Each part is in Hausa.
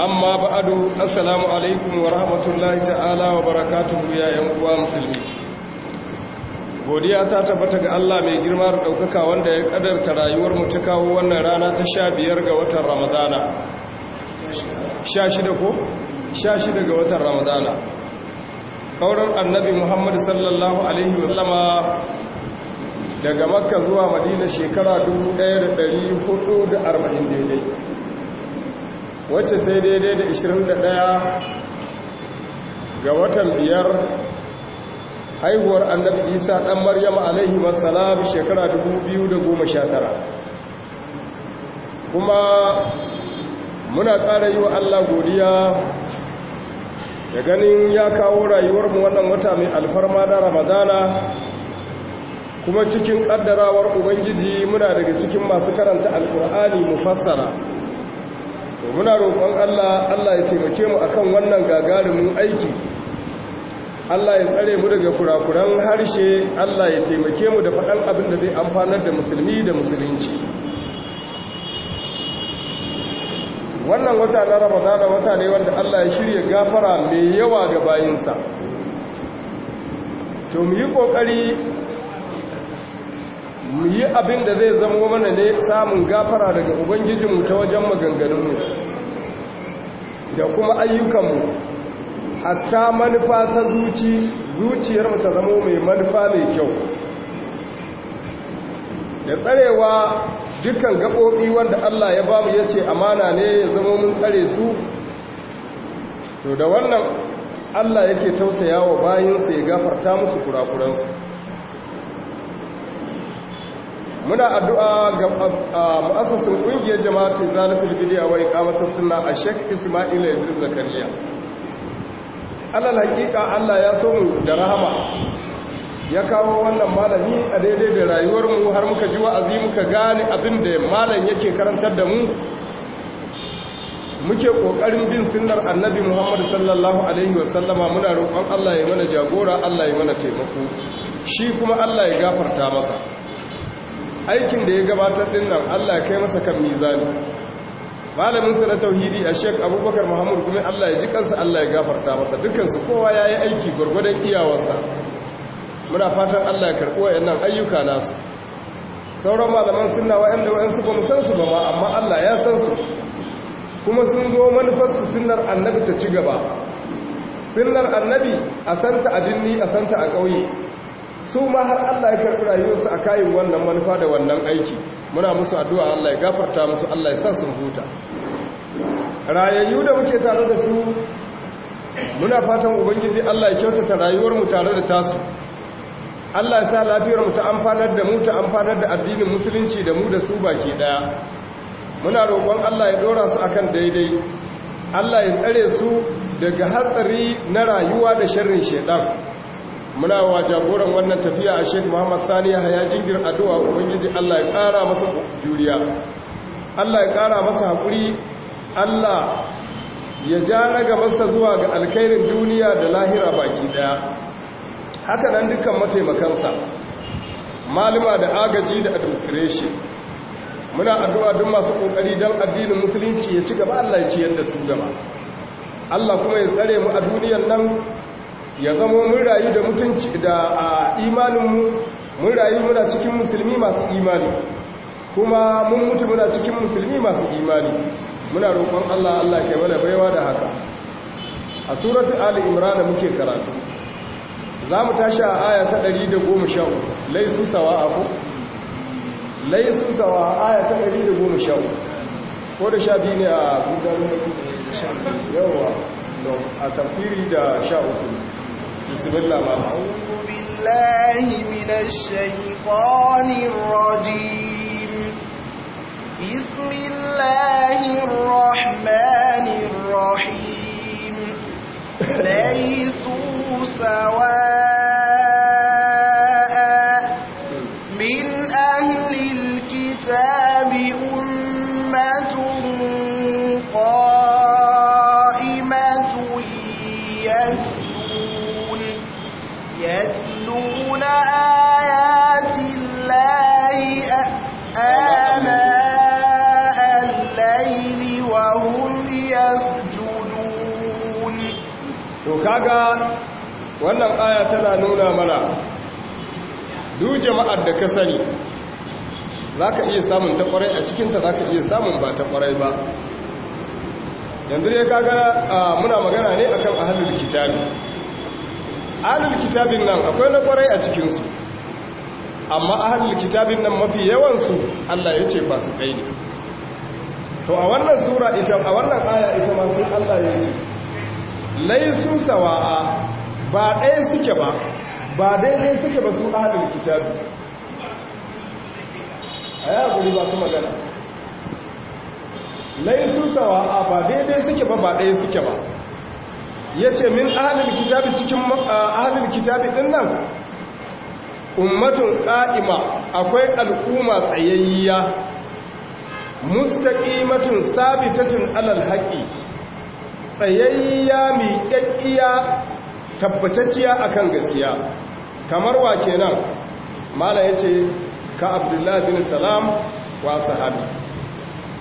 amma ba'adu assalamu alaikum wa rahmatullahi ta'ala wa barakatuhu ya yan uwa musulmi godiya ta tabbata ga Allah mai girma da daukaka wanda ya kadarta rayuwar mu ta kawo wannan rana ta 15 ga watan Ramadana 16 ko 16 ga watan Ramadana kauran annabi muhammad sallallahu alaihi wasallama daga makka zuwa madina shekara 1440 daidai wacce ta daidai da 21 ga watan biyar haihuwar annabi isa dan maryam alaihi wasallam shekara 2019 kuma muna ƙara yi wa allah godiya da ganin ya kawo rayuwarmu wannan wata mai alfarma na ramadana kuma cikin ƙaddarawar ubangiji muna daga cikin masu karanta alkur'ani mu fassara muna roƙon allah allah ya taimake mu akan wannan gagarumin aiki allah ya tsare mu daga kurakuran harshe allah ya taimake mu da faɗan abin da zai amfanar da musulmi da musulunci wannan wata na ramadana wata ne wanda Allah ya shirya gafara mai yawa ga bayinsa to mu yi kokari mu yi abin da zai zama mana ne samun gafara daga ubangijinmu ta wajen maganganunmu da kuma ayyukanmu hatta manufa ta zuci zuciyarmu ta zama mai manufa mai kyau da tsarewa dukkan gaɓoɓi wanda Allah ya bamu ya ce amana ne ya zama mun tsare su to da wannan Allah yake tausaya wa bayinsa ya gafarta musu kurakuransu muna addu'a ga ma'asasin ƙungiyar jama'atu zalatul bidiya wa iqamatus sunna a Sheikh Isma'il Idris Zakariya Allah hakika Allah ya so mu da rahama ya kawo wannan malami a daidai da rayuwar mu har muka ji wa'azi muka gane abin da malam yake karantar da mu muke kokarin bin sunnar annabi Muhammad sallallahu alaihi wasallama muna roƙon Allah ya mana jagora Allah ya mana taimako shi kuma Allah ya gafarta masa aikin da ya gabatar din nan Allah ya kai masa kan mizani malamin sa na tauhidi a shek Abubakar Muhammad kuma Allah ya ji kansa Allah ya gafarta masa dukkan su kowa yayi aiki gurgurdan iyawarsa muna fatan Allah ya karɓi wayannan ayyuka nasu sauran malaman sunna wayanda wayansu ba mu san su ba ma amma Allah ya san su kuma sun zo manufarsu sunar annabi ta ci gaba sunar annabi a santa a binni a santa a ƙauye su ma har Allah ya karɓi rayuwarsu a kayan wannan manufa da wannan aiki muna musu addu'a Allah ya gafarta musu Allah ya sa sun huta rayayyu da muke tare da su muna fatan ubangiji Allah ya kyautata rayuwarmu tare da tasu Allah ya sa lafiyar mu ta amfanar da mu ta amfanar da addinin musulunci da mu da su baki daya muna roƙon Allah ya dora su akan daidai Allah ya tsare su daga hatsari na rayuwa da sharrin shedan muna wa jagoran wannan tafiya a Sheikh Muhammad Sani ya jingir addu'a ubangiji Allah ya ƙara masa juriya Allah ya ƙara masa haƙuri Allah ya ja raga masa zuwa ga alkhairin duniya da lahira baki daya haka nan dukkan mataimakansa malama da agaji da administration muna addu'a duk masu kokari don addinin musulunci ya ci gaba Allah ya ci yadda su gaba Allah kuma ya tsare mu a duniyar nan ya zama mun rayu da mutunci da imaninmu mun rayu muna cikin musulmi masu imani kuma mun mutu muna cikin musulmi masu imani muna roƙon Allah Allah ke mana baiwa da haka a suratu ali imran muke karatu za mu tashi a aya ta 110 su sawa a ku su sawa a aya ta 110 ko da sha biyu ne a gudanar yawa a tafsiri da sha uku bismillah ma بالله من بسم الله الرحمن الرحيم ليسوا سواء من أهل الكتاب أمة قائمة يتلون يتلون آيات الله آناء الليل وهم يسجدون to wannan aya tana nuna mana duk jama'ar da ka sani za ka iya samun ta kwarai a cikinta za ka iya samun ba ta kwarai ba yanzu ka kagana muna magana ne akan ahalul kitabi ahalul kitabin nan akwai na kwarai a cikinsu amma ahalul kitabin nan mafi yawansu allah ya ce kai ne to a wannan sura ita a wannan aya ita ma allah ya ce laisu sawa'a ba ɗaya suke ba ba daidai suke ba su ahalin kitabi a ya guri ba su magana laisu a ba daidai suke ba ba ɗaya suke ba ya ce min ahalin kitabi cikin ahalin kitabi ɗin nan ummatun ƙa'ima akwai al'umma tsayayya mustaƙimatun sabitatun alal haƙi tsayayya mai ƙyaƙƙiya. tabbatacciya akan gaskiya kamar wa kenan mala ce ka abdullahi bin salam wa sahabi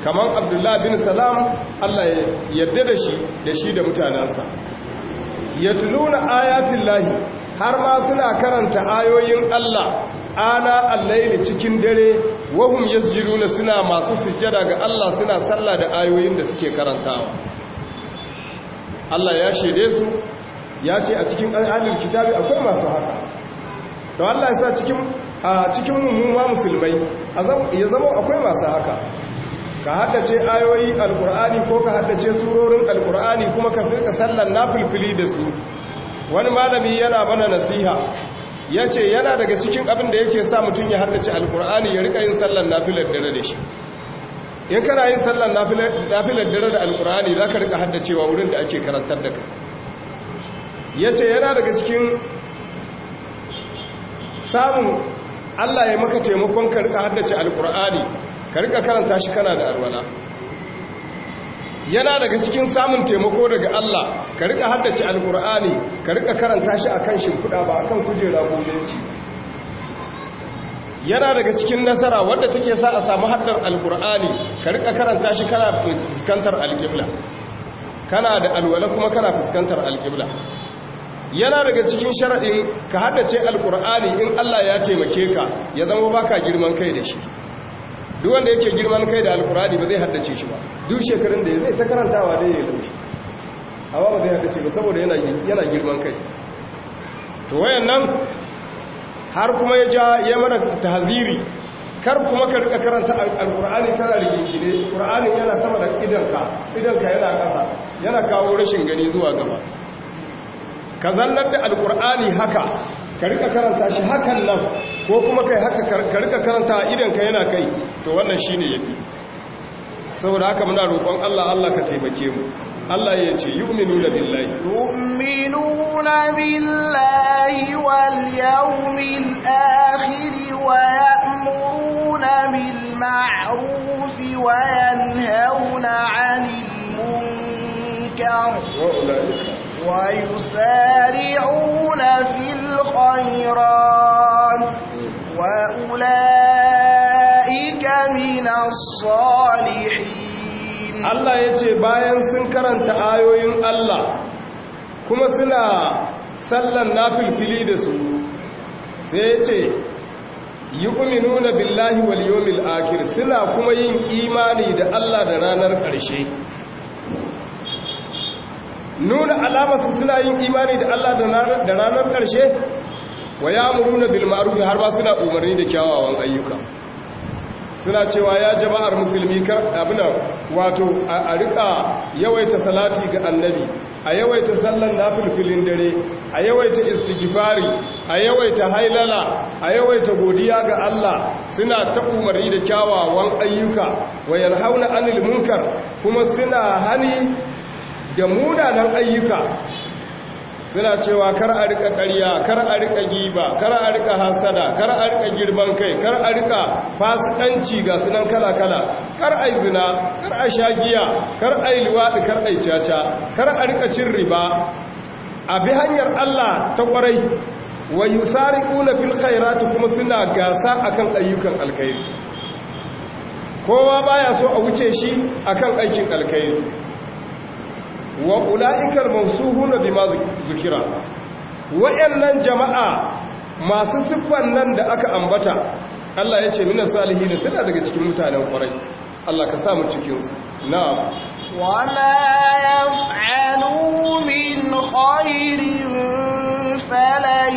kamar abdullahi bin salam Allah ya yarda da shi da shi da mutanensa mutanansa yatluna ayatun lahi har ma suna karanta ayoyin Allah ana allaili cikin dare wahum yasjuduna suna masu sujjada ga Allah suna sallah da ayoyin da suke karantawa Allah ya shede su ya ce a cikin ahlul kitabi akwai masu haka to Allah ya sa cikin a cikin mummuma musulmai ya zama akwai masu haka ka haddace ayoyi alkur'ani ko ka haddace surorin alkur'ani kuma ka firka sallan nafilfili da su wani malami yana mana nasiha ya ce yana daga cikin abin da yake sa mutum ya haddace alkur'ani ya rika yin sallan nafilar dare da shi in kana yin sallan nafilar dare da alkur'ani za ka rika haddacewa wurin da ake karantar da kai ya ce yana daga cikin samun allah ya maka taimakon ka haddace alkur'ani ka rika karanta shi kana da alwala yana daga cikin samun taimako daga allah ka haddace alkur'ani ka rika karanta shi akan shimfiɗa ba akan kujera gobenci yana daga cikin nasara wadda take sa a samu haddar alkur'ani ka rika karanta shi kana fuskantar alƙibla kana da alwala kuma kana fuskantar alƙibla yana daga cikin sharaɗin ka haddace alkur'ani in Allah ya taimake ka ya zama baka girman kai da shi duk wanda yake girman kai da alkur'ani ba zai haddace shi ba duk shekarun da zai ta karantawa da ya laushi amma ba zai haddace ba saboda yana girman kai to wayannan har kuma ya ja ya mana tahziri kar kuma ka rika karanta alkur'ani kana rigingine alkur'ani yana sama da idanka idanka yana ƙasa yana kawo rashin gani zuwa gaba ka zallar da alkur'ani haka ka rika karanta shi hakan nan ko kuma kai haka ka rika karanta idan ka yana kai to wannan shi shine yafi saboda haka muna roƙon Allah Allah ka taimake mu Allah ya ce yu'minuna billahi yu'minuna billahi wal yawmil akhir wa ya'muruna bil ma'ruf wa yanhauna 'anil munkar wa ulaika ويسارعون في الخيرات وأولئك من الصالحين الله يجي باين سنكرن تآيوين الله كما سنا sallan nafil da su sai ya ce yi uminuna billahi wal yomil akir suna kuma yin imani da Allah da ranar ƙarshe nuna alamarsu suna yin imani da Allah da ranar ƙarshe wa ya muruna bil har ba suna umarni da kyawawan ayyuka suna cewa ya jama'ar musulmi kar abuna wato a rika yawaita salati ga annabi a yawaita sallan filfilin dare a yawaita istigifari a yawaita hailala a yawaita godiya ga Allah suna ta umarni da kyawawan ayyuka wa hauna anil munkar kuma suna hani da munanan ayyuka suna cewa kar a rika ƙarya kar a rika giba kar a rika hasada kar a rika girman kai kar a rika fasikanci ga sunan kala-kala kar a zina kar a shagiya kar a yi luwaɗi kar a yi caca kar a rika cin riba a bi hanyar Allah ta ƙwarai wa ƙuna fil khairatu kuma suna gasa akan ayyukan alkhairi kowa baya so a wuce shi akan aikin alkhairi wa ula'ikal mansuhuna bima zukira wa'annan jama'a masu siffan nan da aka ambata Allah ya ce mina salihin suna daga cikin mutanen kwarai Allah ka samu cikinsu na'am wala yaf'alu min khairin falan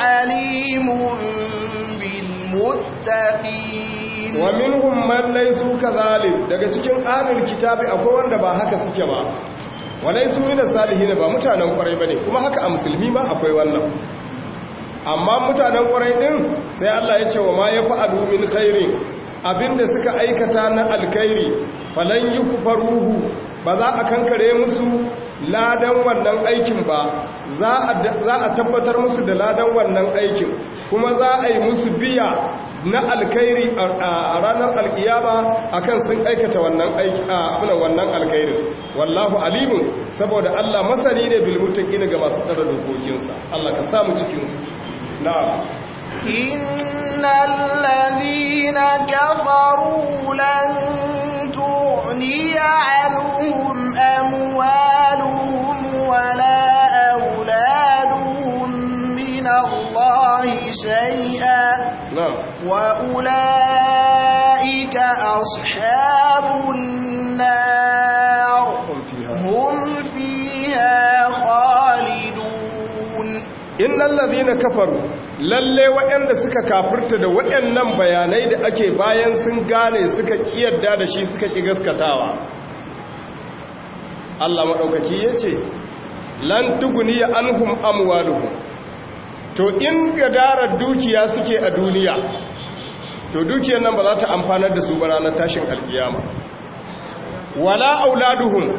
alimun muttaqin wa minhum man laysu daga cikin ahlul kitabi akwai wanda ba haka suke ba walaysu min salihin ba mutanen kwarai bane kuma haka a musulmi ma akwai wannan amma mutanen kwarai din sai Allah ya ce wa ma yafa'alu min khairin abinda suka aikata na alkhairi falan yukfaruhu ba za a kankare musu ladan wannan aikin ba za a tabbatar musu da ladan wannan aikin kuma za a yi musu biya na alkhairi a ranar alkiyama akan sun aikata wannan abin wannan alkhairin wallahu alimu saboda Allah masani ne bil muttaqina ga masu tsara dokokinsa Allah ka samu cikin su na'am innal ladina kafaru lan tu'niya anhum amwaluhum wala الله شيئا وأولئك أصحاب النار هم فيها خالدون إن الذين كفروا lalle waɗanda suka kafirta da waɗannan bayanai da ake bayan sun gane suka ƙiyarda da shi suka ƙi gaskatawa Allah maɗaukaki ya ce lan tuguniya anhum amwaluhum to in gadarar dukiya suke a duniya to dukiyar nan ba za ta amfanar da su ba ranar tashin alkiyama wala auladuhum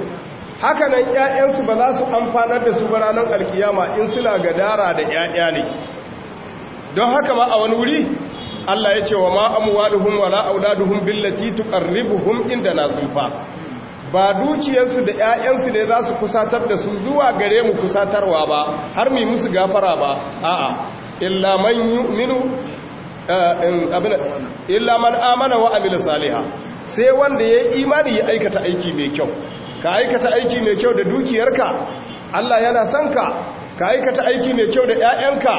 haka nan ƴaƴansu ba za su amfanar da su ba ranar alkiyama in suna gadara da ƴaƴa ne don haka ma a wani wuri Allah ya ce wa ma amwaluhum wala auladuhum billati tuqarribuhum inda na zulfa ba dukiyarsu da 'ya'yansu ne za su kusatar da su zuwa gare mu kusatarwa ba har mu musu gafara ba a'a illa man yu'minu eh, amana wa amila saliha sai wanda ya yi imani ya aikata aiki mai kyau ka aikata aiki mai kyau da dukiyarka Allah yana son ka ka aikata aiki mai kyau da 'ya'yanka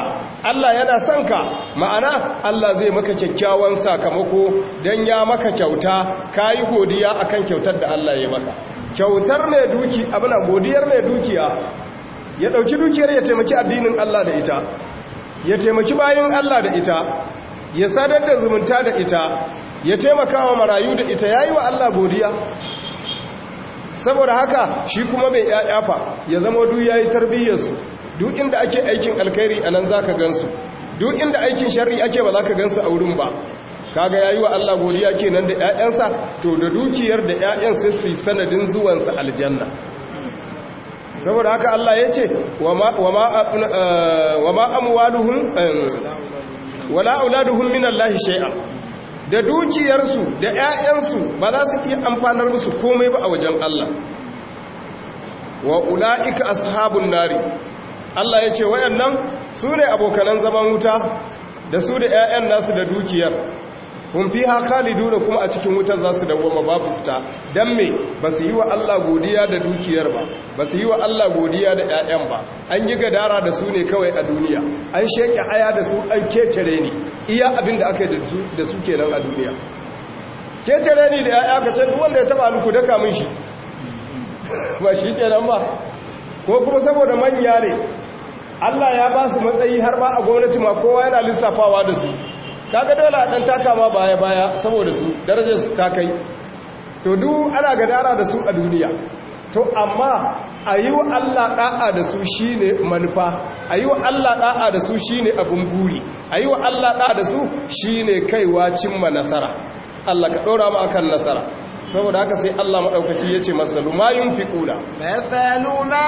Allah yana son ka ma'ana Allah zai maka kyakkyawan sakamako don ya maka kyauta ka yi godiya a kan kyautar da Allah ya maka kyautar mai duki abin godiyar mai dukiya ya ɗauki dukiyar ya taimaki addinin Allah da ita ya taimaki bayan Allah da ita ya sadar da zumunta da ita ya taimaka wa marayu da ita ya yi wa Allah godiya saboda haka shi kuma mai yayafa ya zama duk ya yi tarbiyyarsu duk inda ake aikin alkhairi a nan za ka gansu duk inda aikin shari ake ba za ka gansu a wurin ba kaga yayi wa Allah godiya kenan da ƴaƴansa to da dukiyar da ƴaƴan sai su sanadin zuwansa aljanna saboda haka Allah ya ce wa ma eh, amwaluhum wala min Allah da dukiyarsu da 'ya'yansu ba za su iya amfanar musu komai ba a wajen Allah wa ula'ika ashabun nari Allah ya ce wayannan su ne abokanan zaman wuta da su da 'ya'yan nasu da dukiyar kun fi ha khaliduna kuma a cikin wutar za su dawoma babu fita don me ba su yi wa Allah godiya da dukiyar ba ba su yi wa Allah godiya da 'ya'yan ba an yi gadara da su ne kawai a duniya an sheke aya da su an kecere ne iya abin da aka yi da su kenan a duniya kecere ne da 'ya'ya ka ce wanda ya taba alku daka min shi ba shi kenan ba ko kuma saboda manya ne Allah ya ba su matsayi har ba a gwamnati ma kowa yana lissafawa da su kaga dole a dan taka ma baya baya saboda su darajar su ta kai to du ana gadara da su a duniya to amma a yi wa Allah ɗa'a da su shine manufa a Allah ɗa'a da su shine abun buri a yi wa Allah ɗa'a da su shine kaiwa cimma nasara Allah ka ɗaura mu akan nasara saboda haka sai Allah madaukaki yace ce masalu ma yin fa ƙuna ma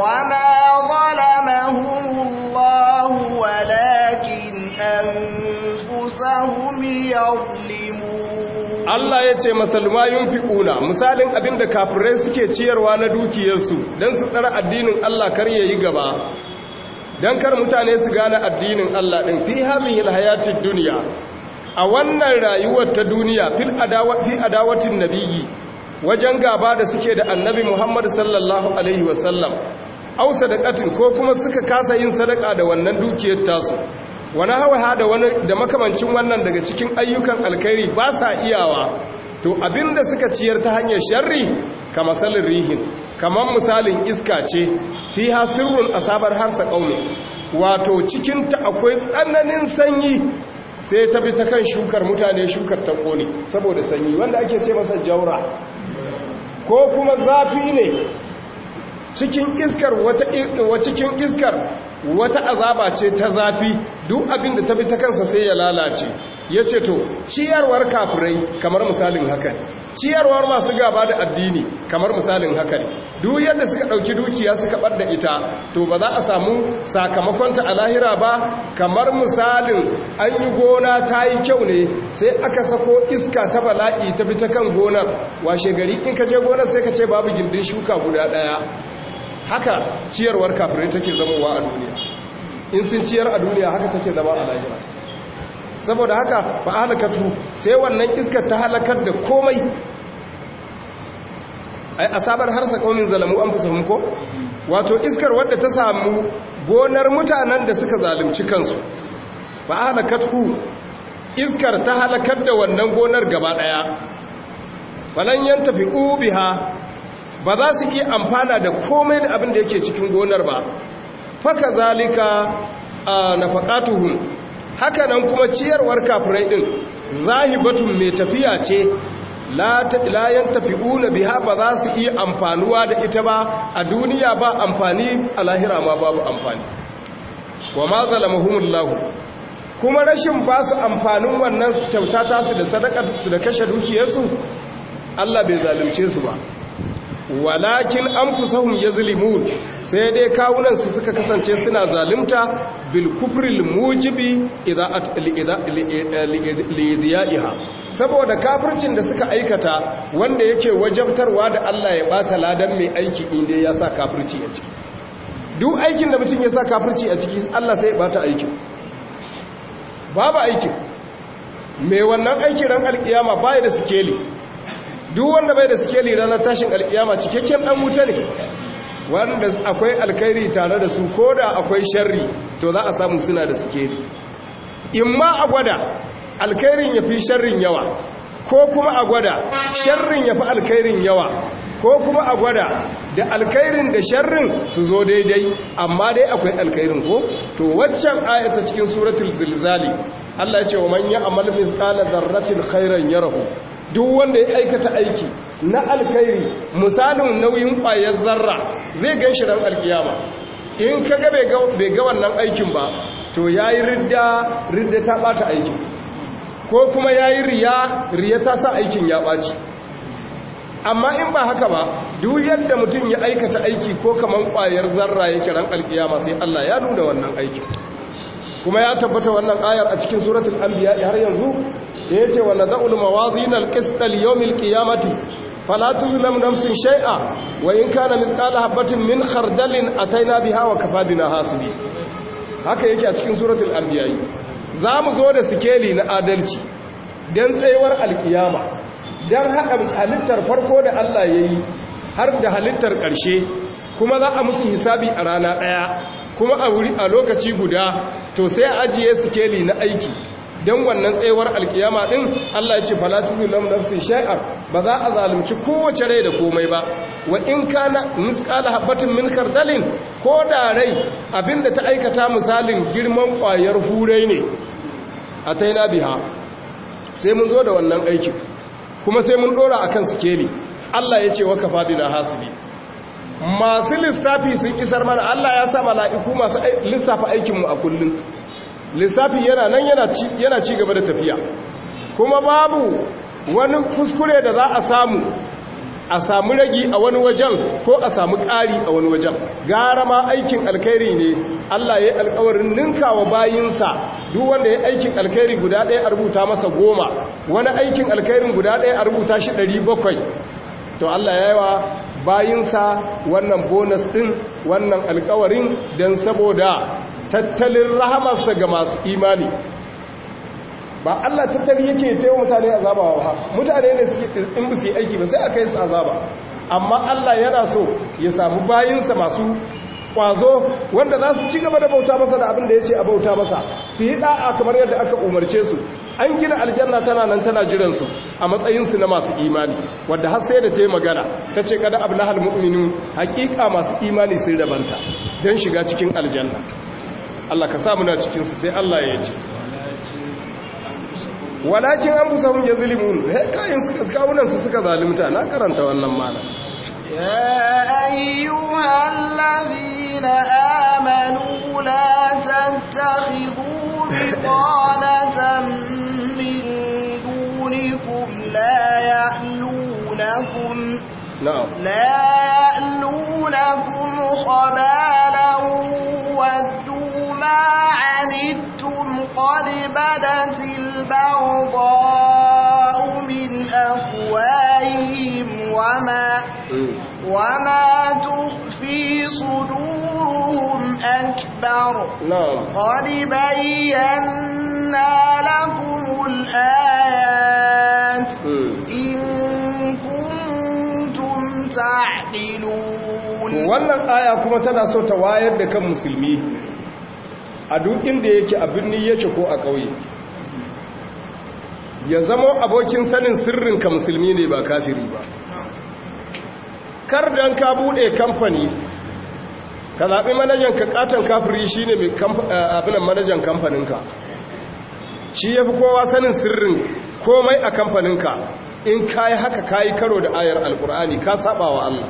وما ظلمهم الله ولكن أنفسهم يظلمون Allah ya ce masalma yin fiƙuna misalin abin da kafirai suke ciyarwa na dukiyarsu don su tsara addinin Allah kar ya yi gaba don kar mutane su gane addinin Allah ɗin fi hazihil hayatin duniya a wannan rayuwar ta duniya fi adawatin nabiyyi wajen gaba da suke da annabi Muhammad sallallahu alaihi wasallam au sadaqatin ko kuma suka kasa yin sadaka da wannan dukiyar tasu wani hawa da wani da makamancin wannan daga cikin ayyukan alkhairi ba sa iyawa to abinda suka ciyar ta hanyar sharri kama masalin rihin kamar misalin iska ce fi hasirun asabar harsa ƙaunin wato cikinta akwai tsananin sanyi sai ta bi ta kan shukar mutane shukar ta ƙone saboda sanyi wanda ake ce masa jaura ko kuma zafi ne cikin iskar wata cikin iskar wata azaba ce ta zafi duk abin da ta bi ta kansa sai ya lalace yace to ciyarwar kafirai kamar misalin hakan ciyarwar masu gaba da addini kamar misalin hakan duk yadda suka ɗauki dukiya suka ɓadda ita to ba za a samu sakamakonta a lahira ba kamar misalin an yi gona ta yi kyau ne sai aka sako iska ta bala'i ta bi ta kan gonar washe gari in ka je gonar sai ka ce babu gindin shuka guda ɗaya haka ciyarwar kafirai take zamowa a duniya in sun ciyar a duniya haka take zama a lahira saboda haka ba halakatu sai wannan iskar ta halakar da komai a sabar harsa kaunin zalamu an fusa ko wato iskar wadda ta samu gonar mutanen da suka zalunci kansu ba halakatu iskar ta halakar da wannan gonar gaba daya falan ubi ubiha ba za su iya amfana da komai da abin da yake cikin gonar ba faka zalika a nafaqatuhum haka nan kuma ciyarwar kafirai din zahibatun mai tafiya ce Layan tafi'u na biya ba za su iya amfanuwa da ita ba a duniya ba amfani a lahira ma babu amfani wa ma Lahu. kuma rashin ba su amfanin wannan kyauta tasu da sadakar su da kashe dukiyarsu Allah bai zalunce su ba walakin ya yazlimun sai dai kawunan su suka kasance suna zalunta bil kufril mujibi idza lidiyaha saboda kafircin da suka aikata wanda yake wajabtarwa da Allah ya bata ladan mai aiki inda ya sa kafirci a ciki duk aikin da mutum ya sa kafirci a ciki Allah sai ya bata aikin babu aikin mai wannan aikin ran alkiyama baya da sikeli duk wanda bai da sikeli ranar tashin alkiyama cikakken dan wuta ne wanda akwai alkhairi tare da su ko da akwai sharri to za a samu suna da sikeli in ma a gwada alkhairin ya fi sharrin yawa ko kuma a gwada sharrin ya fi alkhairin yawa ko kuma a gwada da alkhairin da sharrin su zo daidai amma dai akwai alkhairin ko to waccan ayata cikin suratul zilzali Allah ya ce wa man ya'mal mithqala dharratin khairan yarahu duk wanda ya aikata aiki na alkhairi misalin nauyin ƙwayar zarra zai gan shi ran alkiyama in ka ga bai ga wannan aikin ba to ya yi ridda ridda ta ɓata aikin ko kuma ya yi riya riya ta sa aikin ya ɓaci amma in ba haka ba duk yadda mutum ya aikata aiki ko kamar ƙwayar zarra yake ran alkiyama sai allah ya nuna wannan aikin kuma ya tabbata wannan ayar a cikin suratul anbiya har yanzu da yace wa nad'ul mawazin al-qist al-yawm al-qiyamati fala tuzlam nafsun shay'a wa in kana mithqala habatin min khardalin ataina biha wa kafabina hasibi haka yake a cikin suratul anbiya za mu zo da sikeli na adalci dan tsayuwar alkiyama dan haɗa halittar farko da Allah yayi har da halittar ƙarshe kuma za a musu hisabi a rana ɗaya kuma a lokaci guda to sai a ajiye sikeli na aiki don wannan tsayuwar alkiyama din Allah ya ce fala tuzlam nafsi ba za a zalunci kowace rai da komai ba wa in ka na misqala haɓatin min kardalin ko da rai abinda ta aikata misalin girman ƙwayar hurai ne a taina biha sai mun zo da wannan aiki kuma sai mun ɗora a akan sikeli Allah ya ce wa kafa na hasibi masu lissafi sun isar mana Allah ya sa mala'iku masu lissafa aikinmu a kullum lissafi yana nan yana ci gaba da tafiya kuma babu wani kuskure da za a samu a samu ragi a wani wajen ko a samu ƙari a wani wajen gara ma aikin alkhairi ne Allah ya yi alkawarin wa bayinsa duk wanda ya yi aikin alkhairi guda ɗaya a rubuta masa goma wani aikin alkhairin guda ɗaya a rubuta shi ɗari bakwai to Allah ya yi wa bayinsa wannan bonus ɗin wannan alkawarin dan saboda tattalin rahamarsa ga masu imani ba Allah tattali yake taiwa mutane azaba ba mutane ne suke in su aiki ba sai a kai su azaba amma Allah yana so ya samu bayinsa masu kwazo wanda za su ci gaba da bauta masa da abin da ya ce a bauta masa su yi ɗa'a kamar yadda aka umarce su an gina aljanna tana nan tana jiran su a matsayin su na masu imani wanda har sai da ta yi magana ta ce kada ablahal mu'minu hakika masu imani sun rabanta don shiga cikin aljanna Allah ka sa muna cikin su sai Allah ya ce walakin an fusahun ya zulimun kayan kawunansu suka zalimta na karanta wannan mana ya ayyuhan lalina amanu la دونكم لا يألونكم نعم لا يألونكم خبالا ودوا ما عنتم قد بدت البغضاء من أفواههم وما وما تخفي صدورهم أكبر نعم قد بينا لكم الآيات إن كنتم تعقلون wannan aya kuma tana so ta wayar da kan musulmi a duk inda yake a birni yake ko a ƙauye ya zama abokin sanin sirrinka musulmi ne ba kafiri ba kar dan ka bude kamfani ka zaɓi manajan ka katon kafiri shi ne abinan manajan kamfaninka shi ya fi kowa sanin sirrin komai a kamfaninka in ka yi haka ka yi karo da ayar alkur'ani ka saba wa Allah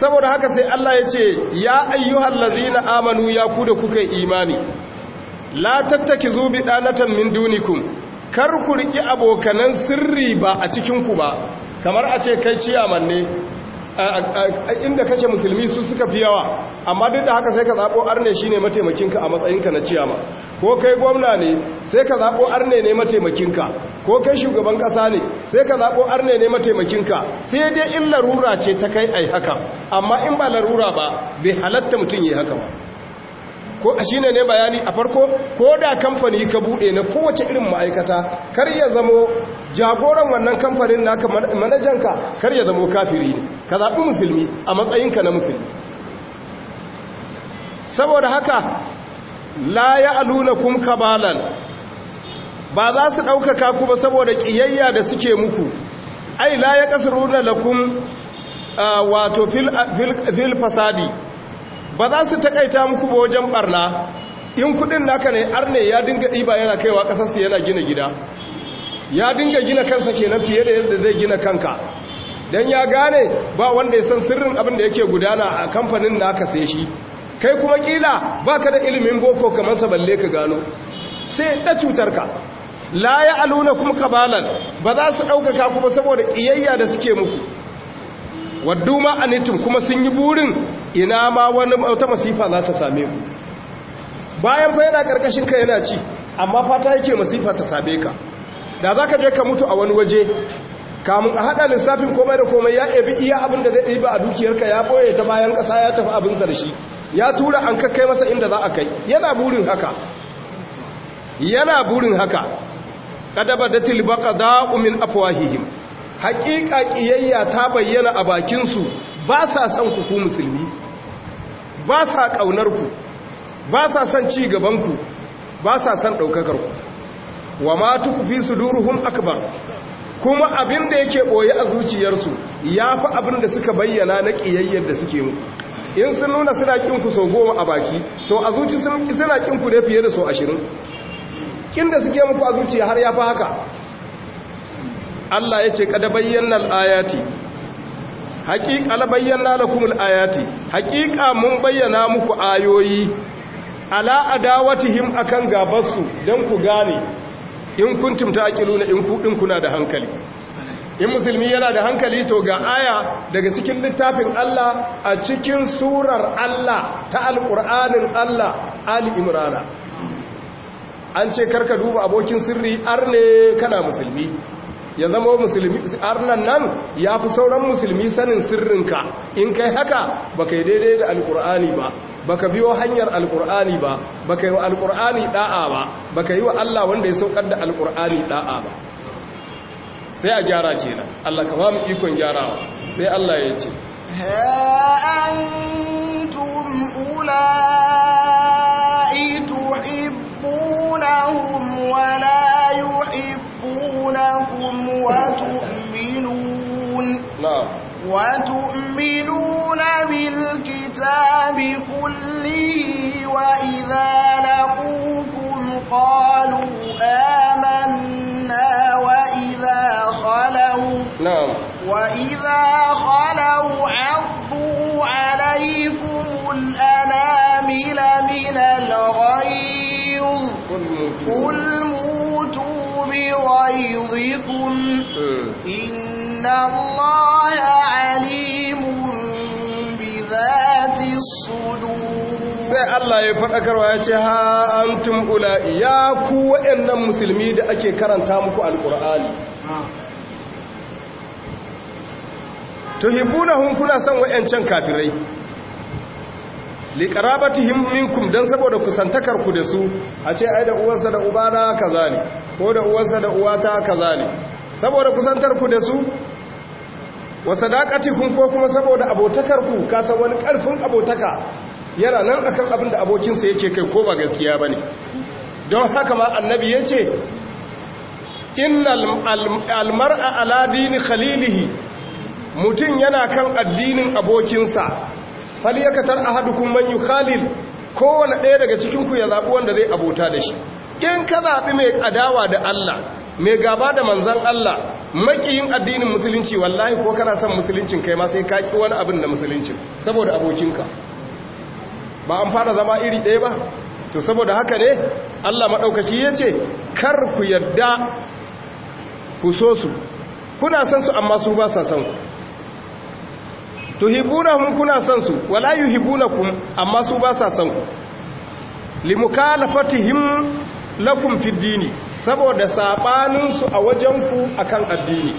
saboda haka sai Allah ya ce ya ayyuhar lazina amanu ya ku da kuka imani la tattaki zubi ɗanatan min dunikun kar ku riƙi abokanan sirri ba a cikinku ba kamar a ce kai ciyaman ne inda kace musulmi su suka fi yawa amma duk da haka sai ka zabo arne shi ne mataimakinka a matsayinka na ciyama ko kai gwamna ne sai ka zabo arne ne mataimakinka ko kai shugaban kasa ne sai ka zabo arne ne mataimakinka sai dai in larura ce ta kai ai haka amma in ba larura ba bai halatta mutum yi haka ba ko shine ne bayani a farko ko da kamfani ka bude na kowace irin ma'aikata kar ya zamo jagoran wannan kamfanin naka manajanka kar ya zamo kafiri ne ka zaɓi musulmi a matsayinka na musulmi saboda haka la ya aluna kum kabalan ba za su ɗaukaka ku ba saboda ƙiyayya da suke muku ai la ya ƙasaruna lakum ah, wato fil fasadi ba za su takaita muku ba wajen barna in kudin naka ne arne ya dinga ɗiba yana kaiwa ƙasarsu yana gina gida ya dinga gina kansa kenan fiye da yadda zai gina kanka don ya gane ba wanda ya san sirrin abin da yake gudana a kamfanin naka sai shi kai kuma kila ba ka da ilimin boko kamar sa balle ka gano sai ta cutar ka la ya aluna kuma kabalan ba za su ɗaukaka kuma saboda ƙiyayya da suke muku waddu ma anitum kuma sun yi burin ina ma wani wata masifa za ta same ku bayan fa yana karkashin ka yana ci amma fata yake masifa ta same ka da zaka je ka mutu a wani waje kamun a haɗa lissafin komai da komai ya ebi iya abin da zai ba a dukiyarka ya ɓoye ta bayan kasa ya tafi abin da shi ya tura an kakkai masa inda za a kai yana burin haka yana burin haka za a baqada'u min afwahihim hakika kiyayya ta bayyana a bakinsu ba sa son ku ku musulmi ba sa ƙaunar ku ba sa son ci gaban ku ba sa son ɗaukakar ku wa ma su duruhun akbar kuma abin da yake boye a zuciyarsu fi abin da suka bayyana na kiyayyar da suke mu. in sun nuna suna kinku sau goma a baki to a zuci sun suna kinku da fiye da sau ashirin kin da suke muku a zuciya har ya fi haka Allah ya ce kada bayyana al'ayati haƙiƙa bayyana lakumul ayati haƙiƙa mun bayyana muku ayoyi ala adawatihim akan gabarsu don ku gane in kuntum taqiluna in kudin kuna da hankali in musulmi yana da hankali to ga aya daga cikin littafin Allah a cikin surar Allah ta Alƙur'anin Allah ali imrana an ce karka duba abokin sirri arne kana musulmi ya zama musulmi arnan nan ya fi sauran musulmi sanin sirrinka in kai haka ba kai daidai da alkur'ani ba ka biyo hanyar alkur'ani ba ka yi wa alkur'ani da'a ba ka yi wa Allah wanda ya saukar da alkur'ani da'a ba sai a gyara kenan Allah ka ba mu ikon gyarawa sai Allah ya ce ولا يحب لكم وتؤمنون نعم وتؤمنون بالكتاب كله وإذا لقوكم قالوا آمنا وإذا خلوا نعم وإذا خلوا عضوا عليكم الأنامل من الغيظ قل يعظكم إن الله عليم بذات الصدور sai Allah ya faɗakarwa ya ce ha antum ula'i ya ku waɗannan musulmi da ake karanta muku alƙur'ani ah. tuhibbunahum kuna son waɗancan kafirai liqarabatihim minkum dan saboda kusantakar ku da su a ce ai da uwarsa da ubana kaza ne ko da uwarsa da uwata kaza ne saboda kusantar ku da su wa sadaqatikum ko kuma saboda abotakar ku ka san wani karfin abotaka yana nan akan abin da abokinsa yake kai ko ba gaskiya bane don haka ma annabi yace innal almar'a ala dini khalilihi mutum yana kan addinin abokinsa ya faliyakatar kun manyu Khalil kowane ɗaya daga cikinku ya zaɓi wanda zai abota da shi in ka zaɓi mai adawa da Allah mai gaba da manzan Allah makiyin addinin musulunci wallahi ko kana son musuluncin kai ma sai ka ƙi wani abin da musuluncin saboda abokinka ba an fara zama iri ɗaya ba to saboda haka ne Allah maɗaukaci ya ce kar ku yarda ku so su kuna son su amma su ba sa son ku tuhibunahum kuna son su wala kun amma su ba sa son ku limukalafatihim lakum fi dini saboda sabanin a wajen ku akan addini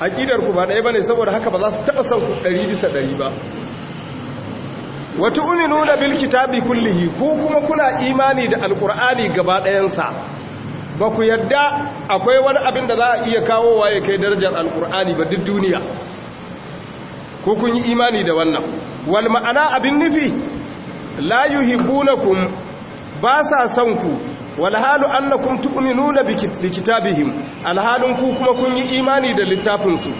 aqidar ku ba dai bane saboda haka ba za su taba san ku 100 bisa 100 ba wa tu'minuna bil kitabi kullihi ku kuma kuna imani da alqur'ani gaba ɗayansa? sa ba ku yadda akwai wani abin da za a iya kawowa ya kai darajar alqur'ani ba duk duniya ko kun yi imani da wannan wal ma'ana abin nufi la yuhibbunakum ba sa son ku wal halu annakum tu'minuna bi kitabihim al halun ku kuma kun yi imani da littafin su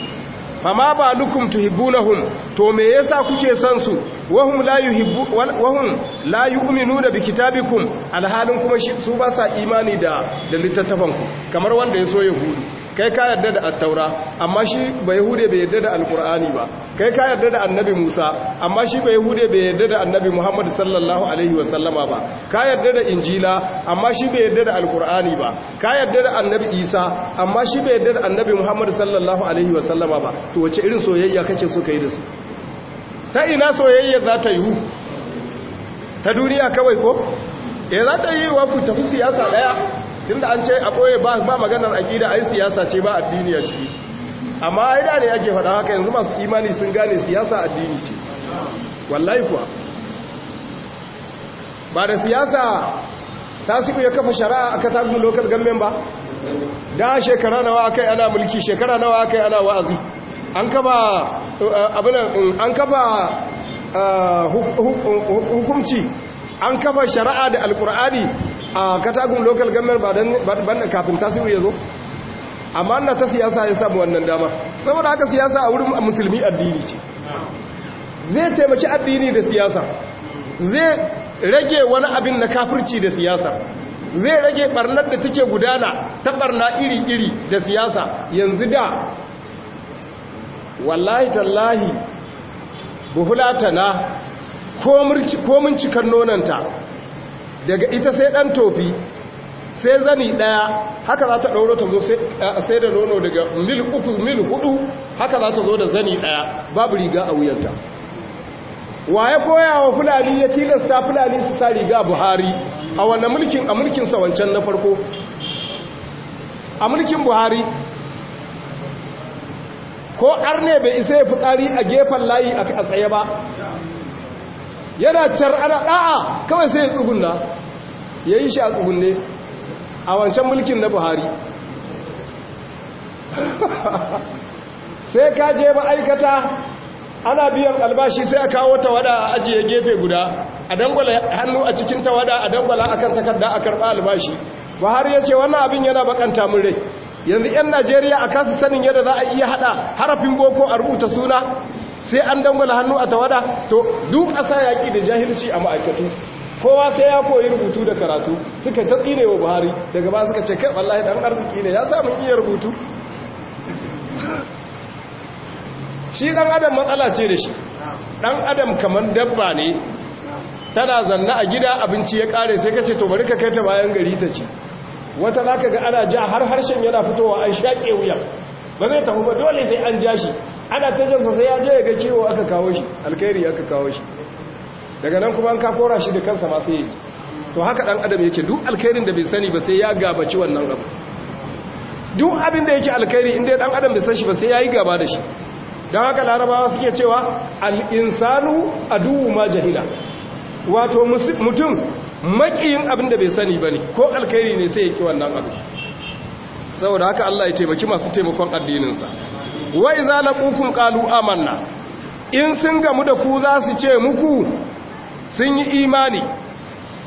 fama ba lukum tuhibbunahum to me yasa kuke son su wahum la yuhibbu wahum la yu'minuna bi kitabikum al halun kuma su ba sa imani da da littattafanku kamar wanda ya so yahudu kai ka yarda da attaura amma shi ba yahude bai yarda da alkur'ani ba kai ka yarda da annabi musa amma shi ba yahude bai yarda da annabi muhammad sallallahu alaihi wasallama ba ka yarda da injila amma shi bai yarda da alkur'ani ba ka yarda da annabi isa amma shi bai yarda da annabi muhammad sallallahu alaihi wasallama ba to wace irin soyayya kake so ka yi da su ta ina soyayya za ta yiwu ta duniya kawai ko ya eh, za ta yi wa ku tafi siyasa daya tunda an ce a ɓoye ba ma maganar aƙida yi siyasa ce ba addini a ciki amma ai ne ake faɗa haka yanzu masu imani sun gane siyasa addini ce wallahi kuwa ba da siyasa tasiku ya kafa shari'a aka tagun local government ba da shekara nawa yi ana mulki shekara nawa yi ana wa'azi an kafa eh, abinan an kafa eh, hukumci an kafa shari'a da alkur'ani a katagun lokal government ba da kafin tasiru ya zo amma na ta siyasa ya samu wannan dama saboda haka siyasa a wurin musulmi addini ce zai taimaki addini da siyasa zai rage wani abin na kafirci da siyasa zai rage barnar da take gudana ta barna iri-iri da siyasa yanzu da wallahi tallahi buhulatana ko mun cikar nonanta daga ita sai ɗan tofi sai zani daya haka za ta dauro ta zo sai da nono daga mil uku mil hudu haka za ta zo da zani ɗaya babu riga a wuyanta wa ya koya wa fulani ya tilasta fulani su sa riga buhari a wannan mulkin a sa wancan na farko a mulkin buhari ko arne bai isa ya fitsari a gefen layi a tsaye ba yana car ana a'a kawai sai ya tsugunna ya yi shi a tsugunne a wancan mulkin na buhari sai ka je ma'aikata ana biyan albashi sai a kawo tawada a ajiye gefe guda a dangwala hannu a cikin tawada a dangwala akan takarda a karɓa albashi buhari ya ce wannan abin yana bakanta mun rai yanzu 'yan najeriya a kasu sanin yadda za a iya hada harafin boko a rubuta suna sai an dangwala hannu a tawada to duk a sa yaƙi da jahilci a ma'aikatu kowa sai ya koyi rubutu da karatu suka ta wa buhari daga ba suka ce wallahi dan arziki ne ya samu iya rubutu shi dan adam matsala ce da shi dan adam kamar dabba ne tana zanna a gida abinci ya kare sai ka ce to bari ka kai ta bayan gari ta ce wata ka ga ana ja har harshen yana fitowa an shaƙe wuya ba zai tafi ba dole sai an ja shi ana ta jansa sai ya je ya ga kiwo aka kawo shi alkhairi aka kawo shi daga nan kuma an ka kora shi da kansa ma sai yi to haka dan adam yake duk alkhairin da bai sani ba sai ya gabaci wannan abu duk abin da yake alkhairi inda dan adam bai san shi ba sai yayi gaba da shi don haka larabawa suke cewa al-insanu aduwwu ma jahila wato mutum makiyin abin da bai sani bane ko alkhairi ne sai yake wannan abu saboda haka Allah ya taimaki masu taimakon addininsa wa iza laqukum qalu amanna in sun gamu da ku za su ce muku sun yi imani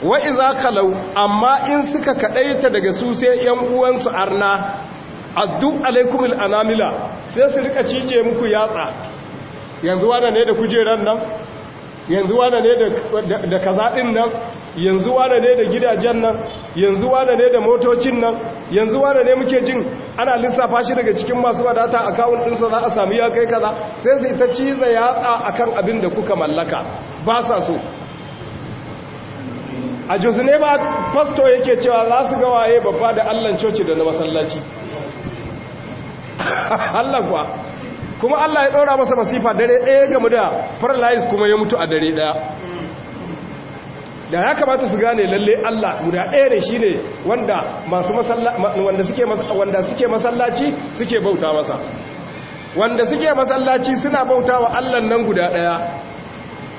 wa iza kalau amma in suka kaɗaita daga su sai yan uwansu arna addu alaikumul anamila sai su rika cije muku yatsa yanzu wana ne da kujeran nan yanzu wana ne da kaza nan yanzu wana ne da gidajen nan yanzu wana ne da motocin nan yanzu wana ne muke jin ana lissafa shi daga cikin masu wadata akawun ɗinsa za a samu ya kai kaza sai su ita ciza yatsa akan abin da kuka mallaka ba sa so a josine ba fasto yake cewa za su ga waye babba da allan coci da na masallaci allon kuwa kuma allah ya tsora masa masifa dare ɗaya game da paralyze kuma ya mutu a dare ɗaya da ya kamata su gane lalle Allah guda ɗaya ne shi ne wanda suke masallaci suke bauta masa wanda suke masallaci suna bauta wa Allah nan guda ɗaya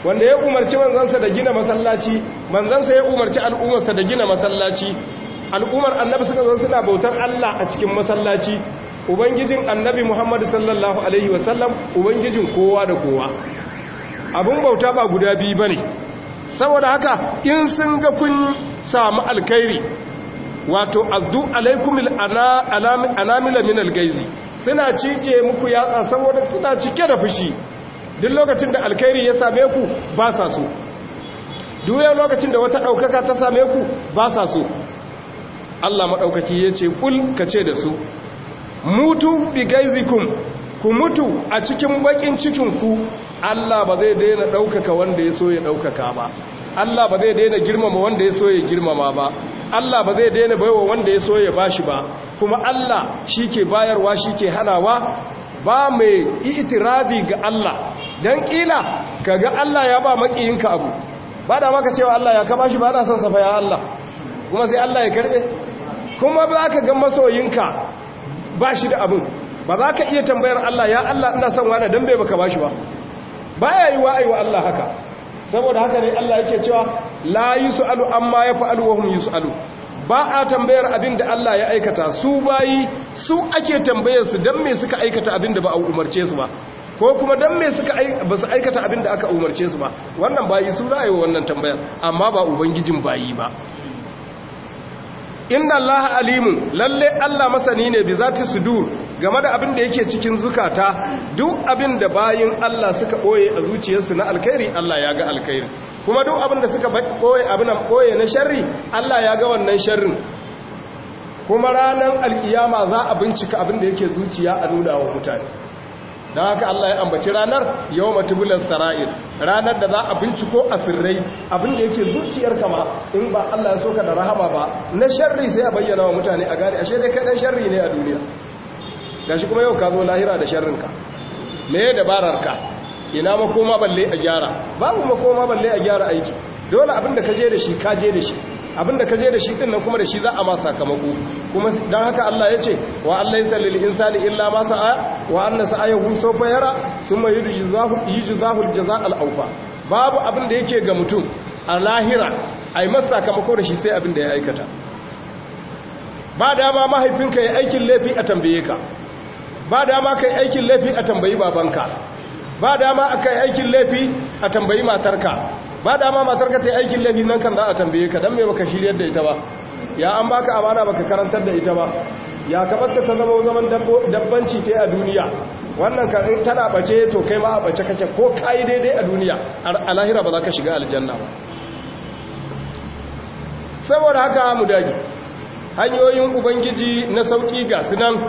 wanda ya umarci manzansa da gina masallaci manzansa ya umarci al'ummarsa da gina masallaci al'ummar annabi suka zo suna bautar Allah a cikin masallaci ubangijin annabi Muhammad sallallahu alaihi wasallam ubangijin kowa da kowa abun bauta ba guda biyu bane saboda haka in sun ga kun samu alkhairi wato azdu alaikumil anamila min gaizi suna cije muku yatsa saboda suna cike da fushi duk lokacin da alkhairi ya same ku ba sa so duk lokacin da wata ɗaukaka ta same ku ba sa so Allah maɗaukaki ya ce ƙul ka ce da su mutu bi gaizikun ku mutu a cikin baƙin cikinku Allah ba zai daina ɗaukaka wanda ya so ya ɗaukaka ba Allah ba zai daina girmama wanda ya so ya girmama ba Allah ba zai daina baiwa wanda ya so ya shi ba kuma Allah shi ke bayarwa shi ke hanawa ba mai itirazi ga Allah don kila ka ga Allah ya ba maƙiyinka abu ba da maka cewa Allah ya kama shi ba na son safa ya Allah kuma sai Allah ya karɓe kuma ba ka ga masoyinka ba shi da abin ba za ka iya tambayar Allah ya Allah ina son wane don bai baka ba shi ba ba ya yi wa'ai wa Allah haka saboda haka ne Allah yake cewa la yi su'alu amma ya fa'alu wa hum yi su'alu ba a tambayar abin da Allah ya aikata su bayi su ake tambayar su don me suka aikata abin da ba a umarce su ba ko kuma don me suka ba aikata abin da aka umarce su ba wannan bayi su za a yi wa wannan tambayar amma ba ubangijin bayi ba inna allaha alimu lalle allah masani ne bi zati sudur game da abin da yake cikin zukata duk abin da bayin allah suka ɓoye a zuciyarsu na alkhairi allah ya ga alkhairi kuma duk abin da suka ɓoye abin da ɓoye na sharri allah ya ga wannan sharrin kuma ranar alkiyama za a bincika abin da yake zuciya a nuna wa mutane don haka Allah ya ambaci ranar yau matubular sarail ranar da za a binciko a sirrai abinda yake zuciyar kama in ba Allah ya soka da rahama ba na sharri sai a bayyana wa mutane a gane ashe dai kaɗan sharri ne a duniya gashi kuma yau ka zo lahira da sharrinka me dabarar ka ina makoma balle a gyara babu makoma balle a gyara aiki dole abinda ka je da shi ka je da shi abinda ka je da shi dinnan kuma da shi za a ma sakamako kuma dan haka Allah ya ce wa Allah ya sallil insani illa ma sa'a wa anna sa'ayahu sawfa yara thumma yujzahu yujzahu aljazaa alawfa babu abin da yake ga mutum a lahira ai ma sakamako da shi sai abin da ya aikata ba dama mahaifinka ya aikin laifi a tambaye ka ba dama kai aikin laifi a tambayi babanka ba dama akai aikin laifi a tambayi matarka ba dama ma ka ta yi aikin laifin nan kan za a tambaye ka don mai baka shiryar da ita ba ya an baka amana baka karantar da ita ba ya ka ta zama zaman dabbanci ta a duniya wannan ka in tana bace to kai ma a bace kake ko kai daidai a duniya a lahira ba za ka shiga aljanna ba saboda haka mu dage hanyoyin ubangiji na sauki ga sunan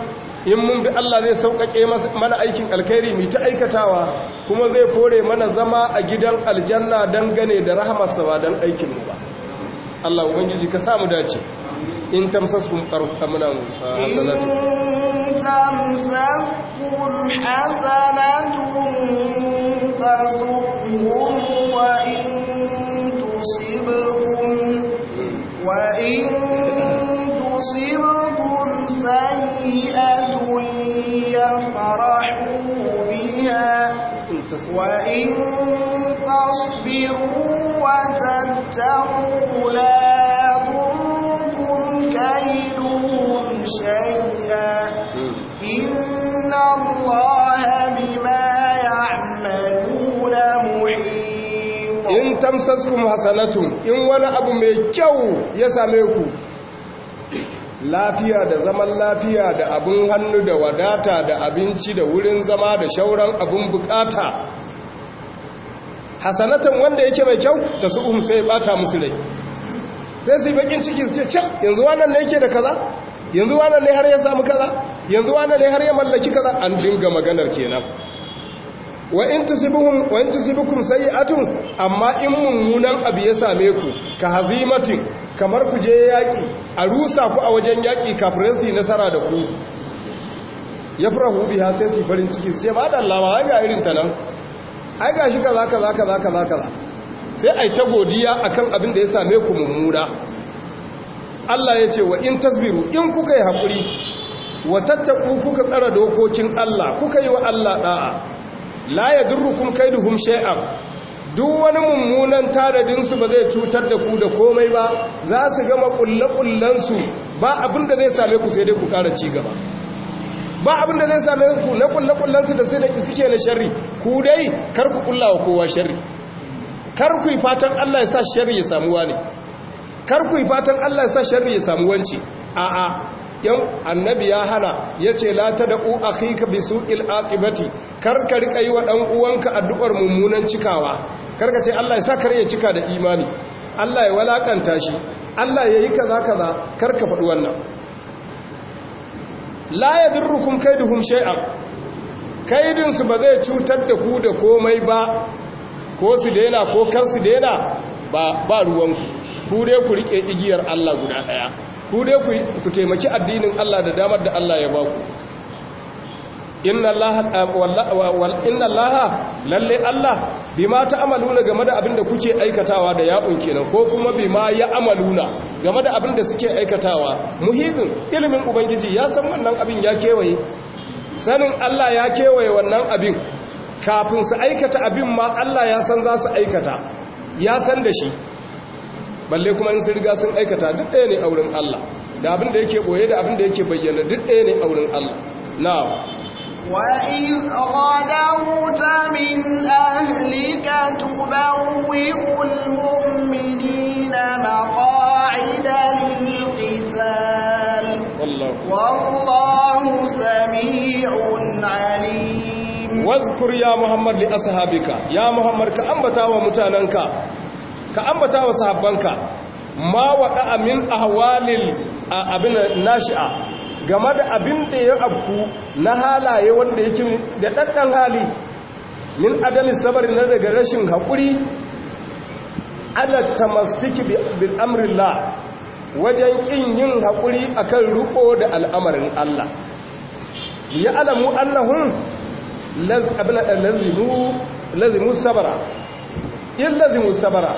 in mun bi Allah zai sauƙaƙe mana aikin alkhairi mu ta aikatawa kuma zai kore mana zama a gidan aljanna dangane da rahamarsa ba don aikin mu ba Allah ubangiji ka samu dace in tamsaskum qarhamunan hasanatu ah, in tamsaskum hasanatun tasuhum wa in tusibkum wa in سيئة يفرحوا بها وإن تصبروا وتتقوا لا يضركم كيدهم شيئا إن الله بما يعملون محيط إن تمسسكم حسنة إن ولا أبو ميكو يساميكم lafiya da zaman lafiya da abin hannu da wadata da abinci da wurin zama da shauran abin bukata hasanatan wanda yake mai kyau ta su su'um sai bata musu rai sai su yi bakin ciki su ce can yanzu wannan ne yake da kaza yanzu wannan ne har ya samu kaza yanzu wannan ne har ya mallaki kaza an dinga maganar kenan wa in tusibuhum wa in tusibukum sayi'atun amma in mummunan abu ya same ku ka hazimatin kamar ku je yaƙi a rusa ku a wajen yaƙi kafirai su yi nasara da ku ya hubi ha sai su farin ciki sai ba da lama ai ga irin talan ai ga shi kaza kaza kaza kaza kaza sai ai ta godiya akan abin da ya same ku mummuna Allah ya ce wa in tasbiru in kuka yi haƙuri wa tattaku kuka tsara dokokin Allah kuka yi wa Allah da'a la yadurrukum kaiduhum shay'an duk wani mummunan tadadinsu ba zai cutar da ku da komai ba za su gama kulle-kullensu ba abin da zai same ku sai dai ku kara ci gaba ba abin da zai same ku na kulle-kullensu da sai da suke na shari ku dai kar ku kulla wa kowa shari kar ku yi fatan Allah ya sa shari ya samu wani kar ku yi fatan Allah ya sa shari ya samu wanci. a'a yan annabi ya hana ya ce la ta da'u akhika bi su'il aqibati kar ka rika yi wa dan uwanka addu'ar mummunan cikawa karka ce Allah ya sa kar ya cika da imani Allah ya walakanta shi Allah ya yi kaza kaza karka faɗi wannan la yadurrukum kaiduhum shay'an kaidin su ba zai cutar da ku da komai ba ko su daina ko kar su daina ba ruwanku ku dai ku rike igiyar Allah guda daya ku dai ku taimaki addinin Allah da damar da Allah ya baku Eh, inna allaha lalle allah bi ma amaluna game da abin da kuke aikatawa da ya'un kenan ko kuma ma ya amaluna game da abin da suke aikatawa muhidin ilimin ubangiji ya san wannan abin ya kewaye sanin allah ya kewaye wannan abin kafin su aikata abin ma allah ya san za su aikata ya san da shi balle kuma in sun riga sun aikata duk ɗaya ne a wurin allah da abin da yake boye da abin da yake bayyana duk ɗaya ne a wurin allah na'am وإذ غدوت من أهلك تبوئ المؤمنين مقاعد للقتال والله سميع عليم واذكر يا محمد لأصحابك يا محمد كأنبتا ومتاننك كأنبتا وصحبانك ما وقع من أهوال الناشئة game da abin da ya abku na halaye wanda cin da ɗanɗan hali min adamin sabar na daga rashin haƙuri ana tamassiki bin wajen ƙin yin haƙuri akan riƙo da al'amarin Allah ya alamu annahun lazimu sabara in lazimu sabara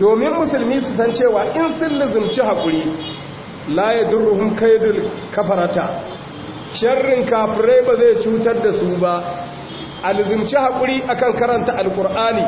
domin musulmi su san cewa in sun lazimci haƙuri la kai kaidul kafarata sharrin kafirai ba zai cutar da su ba alzimci haƙuri akan karanta alqur'ani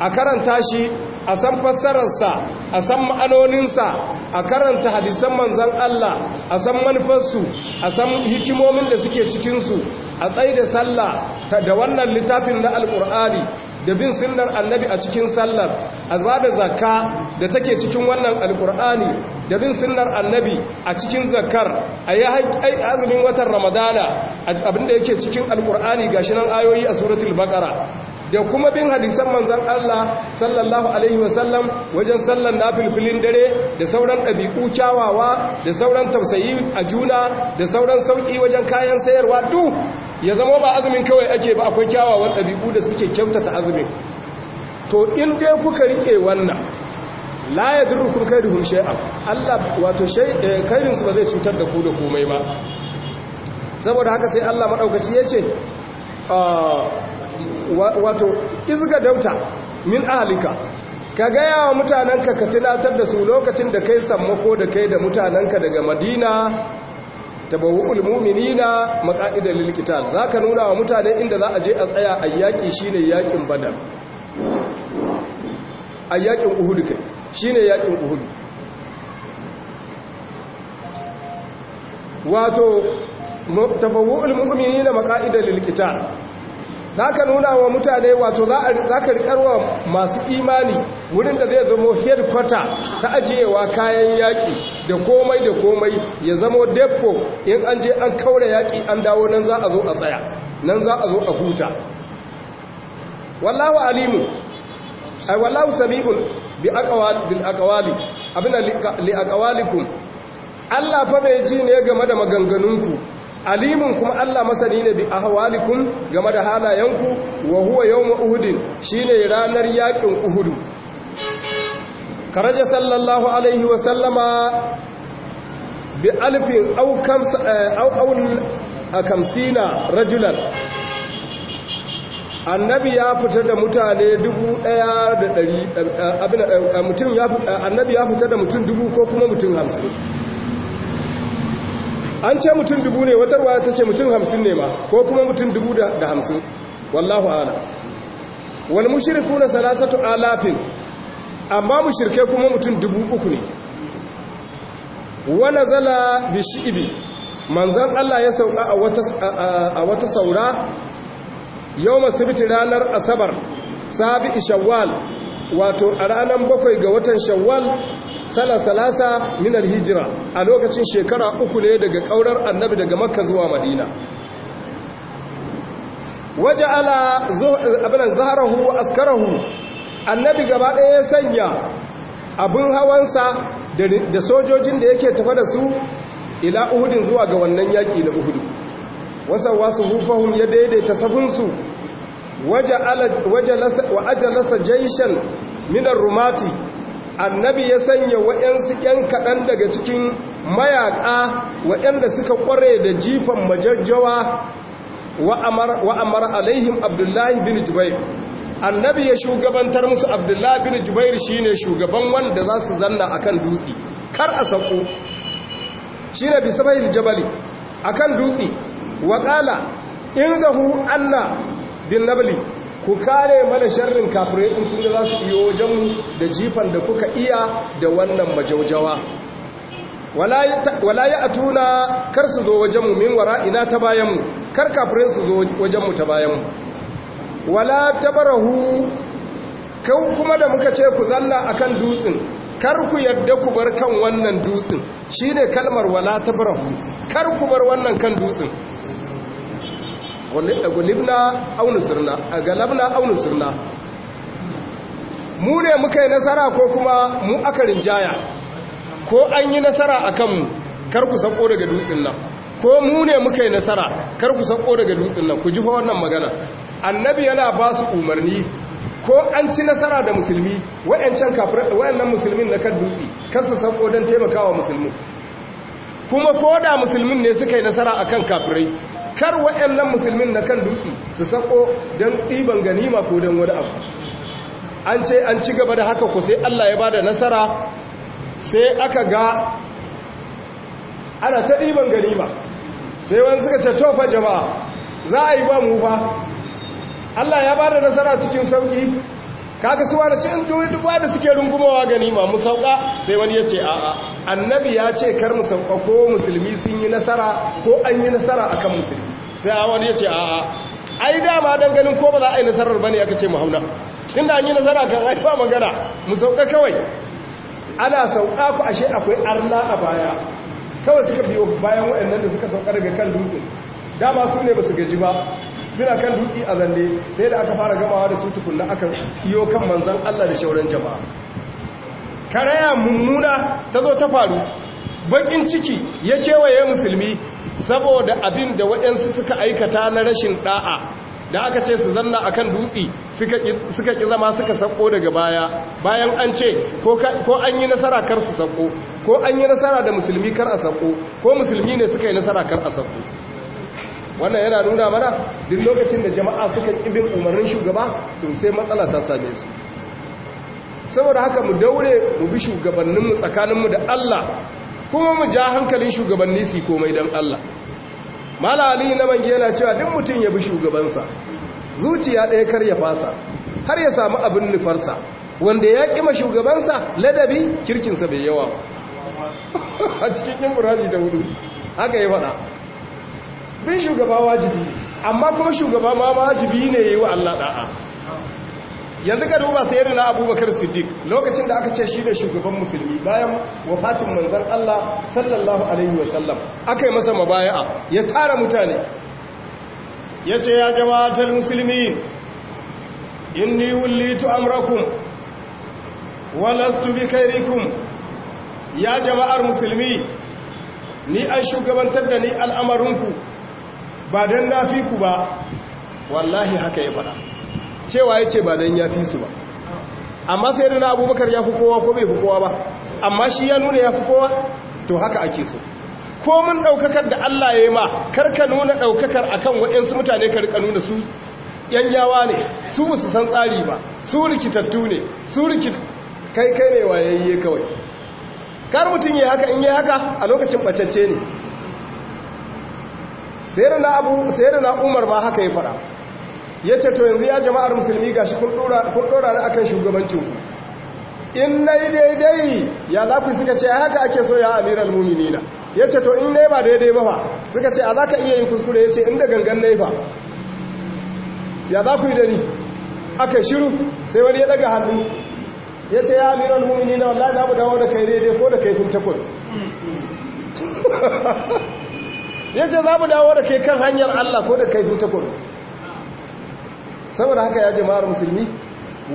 a karanta shi a san fassararsa a san ma'anoninsa a karanta hadisan manzan Allah a san manufarsu a san hikimomin da suke cikinsu a tsaye da sallah da wannan littafin na alkur'ani da bin sunnar annabi a cikin sallar azba da zakka da take cikin wannan alkur'ani da bin sunnar annabi a cikin zakkar a yi azumin watan ramadana abinda yake cikin alkur'ani gashi nan ayoyi a suratul baqara da kuma bin hadisan manzan Allah sallallahu alaihi wasallam wajen sallan nafilfilin dare da sauran ɗabi'u kyawawa da sauran tausayi a juna da sauran sauƙi wajen kayan sayarwa duk ya zama ba azumin kawai ake ba akwai kyawawan ɗabi'u da suke kyautata azumin to in dai kuka rike wannan la ya duru kun kai duhun shay'an Allah wato eh, kairin su ba zai cutar da ku da komai ba saboda haka sai Allah madaukaki ya ce ah, wato izga dauta min ahalika ka gaya wa mutanenka ka tunatar da su lokacin da kai sammako da kai da mutanenka daga madina tabawu'ul mu'minina maqa'ida lil qital zaka nuna wa mutane inda za a je a tsaya a yaki shine yakin badar a yakin uhud kai shine yakin uhud wato tabawu'ul mu'minina maqa'ida lil qital za ka nuna wa mutane wato za ka rikarwa masu imani wurin da zai zamo headquarter ta ajiyewa kayan yaƙi da komai da komai ya zamo depo in an je an kaura yaƙi an dawo nan za a zo a tsaya nan za a zo a huta wallahu alimu ai wallawa sami'un bi aqwal bil li Allah fa ji ne game da maganganunku alimun kuma Allah masani ne bi ahwalikum game da halayenku wa huwa yawm uhud shine ranar yakin uhud karaja sallallahu alaihi wa sallama bi alfin aw kam eh, aw aw kamsina rajulan annabi ya fita da mutane dubu daya da dari eh, eh, abin annabi ya fita da mutum dubu ko kuma mutum hamsin an ce mutum dubu ne wata ruwa ta ce mutum hamsin ne ma ko kuma mutum dubu da hamsin wallahu ala wani mushriku na salasatu alafin amma shirke kuma mutum dubu uku ne Wani nazala bi shi'bi manzan Allah ya sauka a wata saura? Yau masu yawma ranar asabar sabi ishawal wato a ranar bakwai ga watan shawwal salasa minar hijira a lokacin shekara uku ne daga kaurar annabi daga makka zuwa madina waje ala abinan zaharahu askarahu annabi gaba ɗaya ya sanya abin hawansa da sojojin da yake tafa da su ila uhudin zuwa ga wannan yaƙi na uhudu wasan wasu hufahun ya daidaita safinsu wa ajalasa jaishan minar rumati annabi ya sanya wa'yansu ‘yan kaɗan daga cikin mayaƙa wa'yanda suka ƙware da jifan majajjawa wa amar alaihim abdullahi bin jubair annabi ya shugabantar musu abdullahi bin jubair ne shugaban wanda za su zanna a kan dutse kar a shi ne bisabahil jabali kan dutse wa ƙala in zahu anna din nabali ku kare mana sharrin kafirai tsuntsun da za su iyo wajenmu da jifan da kuka iya da wannan majaujawa wala ya atuna kar su zo wajenmu min wara ina ta bayanmu kar kafirai su zo wajenmu ta bayanmu wala tabarahu kau kuma da muka ce ku zanna akan dutsen kar ku yadda ku bar kan wannan dutsen shine kalmar wala tabarahu kar ku bar wannan kan dutsen gulibna sirna a galabna aunin sirna mu ne muka yi nasara ko kuma mu aka rinjaya ko an yi nasara a kanmu karku sako daga dutsen nan ko mu ne muka yi nasara karku sako daga dutsen nan ku ji fa wannan magana annabi yana ba su umarni ko an ci nasara da musulmi waɗannan musulmin na kan dutse kansa sako don taimakawa musulmi kuma ko da musulmin ne suka yi nasara akan kafirai kar wa'annan musulmin na kan duki su sako don ɗiban ganima ko don wani abu an ce an ci gaba da haka ku sai Allah ya bada nasara sai aka ga ana ta ɗiban ganima sai wani suka ce tofa jama'a za a yi ba mu fa Allah ya bada nasara cikin sauki kaga da cikin duwa da suke rungumawa ganima mu sauƙa sai wani ya ce a'a annabi ya ce kar mu sauka ko musulmi sun yi nasara ko an yi nasara akan musulmi sai awar ya ce a'a ai dama dan ganin ko ba za a yi nasarar ba ne aka ce mu inda an yi nasara kan haifa magana mu sauka kawai ana sauka ku ashe akwai arna a baya kawai suka biyo bayan waɗannan da suka sauka daga kan dutse dama su ne ba su gaji ba suna kan dutse a zalle sai da aka fara gamawa da su tukunna aka iyo kan manzon Allah da shauran jama'a karaya mummuna ta zo ta faru bakin ciki ya kewaye musulmi saboda abin da waɗansu suka aikata na rashin ɗa'a da aka ce su zanna a kan dutse suka ƙi zama suka sako daga baya bayan an ce ko an yi nasara kar su sako ko an yi nasara da musulmi kar a sako ko musulmi ne suka yi nasara kar a sako wannan yana nuna mana duk lokacin da jama'a suka ƙi bin umarnin shugaba to sai matsala ta same su saboda haka mu daure mu bi shugabanninmu tsakaninmu da Allah kuma mu ja hankalin shugabanni su komai don Allah mala ali na bangi yana cewa duk mutum ya bi shugabansa zuciya ɗaya kar ya fasa har ya samu abin nufarsa wanda ya ƙima shugabansa ladabi kirkinsa bai yawa a cikin yin buraji da hudu haka ya faɗa bin shugaba wajibi amma kuma shugaba ma wajibi ne ya yi wa Allah ɗa'a yanzu ka duba sayar na abubakar siddiq lokacin da aka ce shi da shugaban musulmi bayan wafatin manzan allah sallallahu alaihi wasallam aka yi masa mabaya'a ya tara mutane ya ce ya jama'atar musulmi inni wullitu amrakum walastu bi khairikum ya jama'ar musulmi ni an shugabantar da ni al'amarinku ba don na fi ku ba wallahi haka ya faɗa cewa ya ce ba don ya fi su ba amma sai da na abubakar ya fi kowa ko bai fi kowa ba amma shi ya nuna ya fi kowa to haka ake so ko mun daukakar da Allah ya yi ma karka nuna ɗaukakar akan waɗansu mutane ka rika nuna su yan yawa ne su su san tsari ba su rikitattu ne su rikitattu kai kai ne wayayye kawai kar mutum ya haka in ya haka a lokacin bacacce ne sayar da na umar ma haka ya fara ya ce to yanzu ya jama'ar musulmi shi kun dora ni akan shugabancin in na yi daidai ya za ku suka ce haka ake so ya al-mumini na ya ce to in na ba daidai ba fa suka ce a za ka iya yin kuskure ya ce inda gangan na ba ya za ku yi da ni aka shiru sai wani ya daga hannu ya ce ya al-mumini na wallahi za mu dawo da kai daidai ko da kai kun takwai ya ce za mu dawo da kai kan hanyar allah ko da kai kun takwai saboda haka ya jama'ar musulmi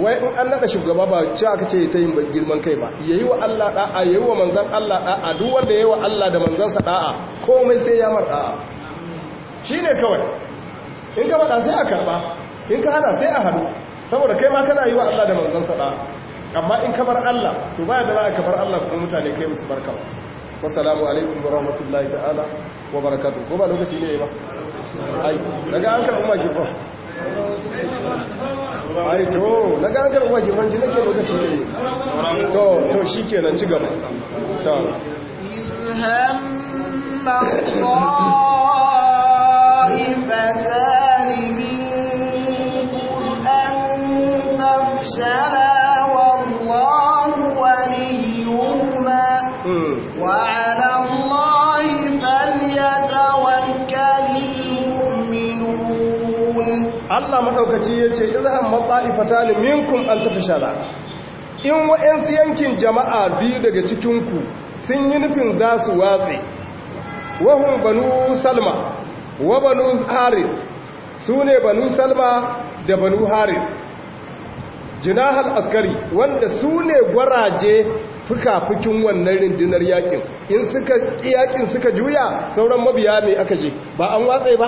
wai in an nada shugaba ba ce aka ce ta yin girman kai ba ya yi wa Allah da'a yi wa manzan Allah da'a duk wanda yi wa Allah da manzansa da'a komai sai ya mar da'a ne kawai in ka bada sai a karba in ka hada sai a hadu saboda kai ma kana yi wa Allah da manzansa da'a amma in ka bar Allah to baya da za ka bar Allah kuma mutane kai musu barka salamu alaikum wa rahmatullahi ta'ala wa barakatuh ko ba lokaci ne ba ai daga an karbi mashi ba ai to na gagar wa shi nake lokaci ne to to shikenan ci gaba ta izhamma Allah maɗaukaci ya ce matsa matsa'ifata ne minkun an tafi shara in wa'yansu yankin jama'a biyu daga cikinku sun yi nufin za su watse wahun banu salma wa banu haris su ne banu salma da banu haris jinahal askari wanda su ne gwaraje fuka-fukin wannan rindinar yakin in suka suka juya sauran mabiya mai aka je ba an watse ba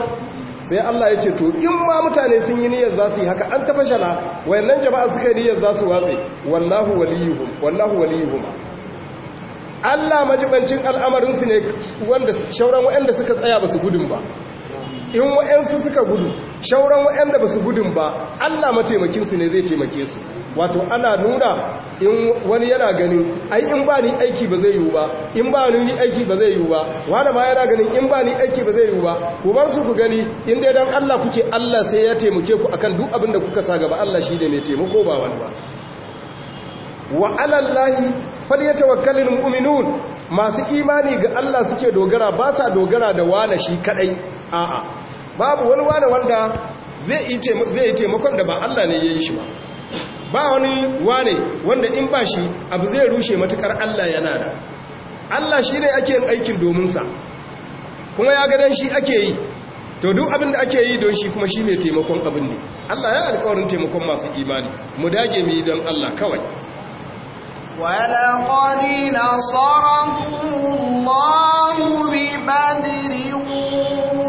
sai Allah ya ce to in ma mutane sun yi niyyar za su yi haka an fashala wayannan jama'a suka yi niyyar za su watse wallahu waliyuhum wallahu waliyuhum Allah majibancin al'amarin su ne wanda shauran wayanda suka tsaya ba su gudun ba in wa'yansu suka gudu shauran wa'yanda ba su gudun ba allah mataimakinsu ne zai taimake su wato ana nuna in wani yana ganin ai in ba ni aiki ba zai yiwu ba in ba ni aiki ba zai yiwu ba wani ma yana ganin in ba ni aiki ba zai yiwu ba ku bar su ku gani in dai dan Allah kuke Allah sai ya taimake ku akan duk abin da kuka sa gaba Allah shi ne mai taimako ba wani ba wa alallahi falyatawakkalul mu'minun masu imani ga Allah suke dogara ba sa dogara da wani shi kadai a'a babu wani wane wanda zai yi taimakon da ba Allah ne ya yi shi ba ba wani wane wanda in ba shi abu zai rushe matukar Allah yana da Allah shi ne ake yin aikin dominsa kuma ya gadon shi ake yi to duk abin da ake yi don shi kuma shi ne taimakon abin ne Allah ya alkawarin taimakon masu imani mu dage mu yi don Allah kawai ولقد نصركم الله ببدر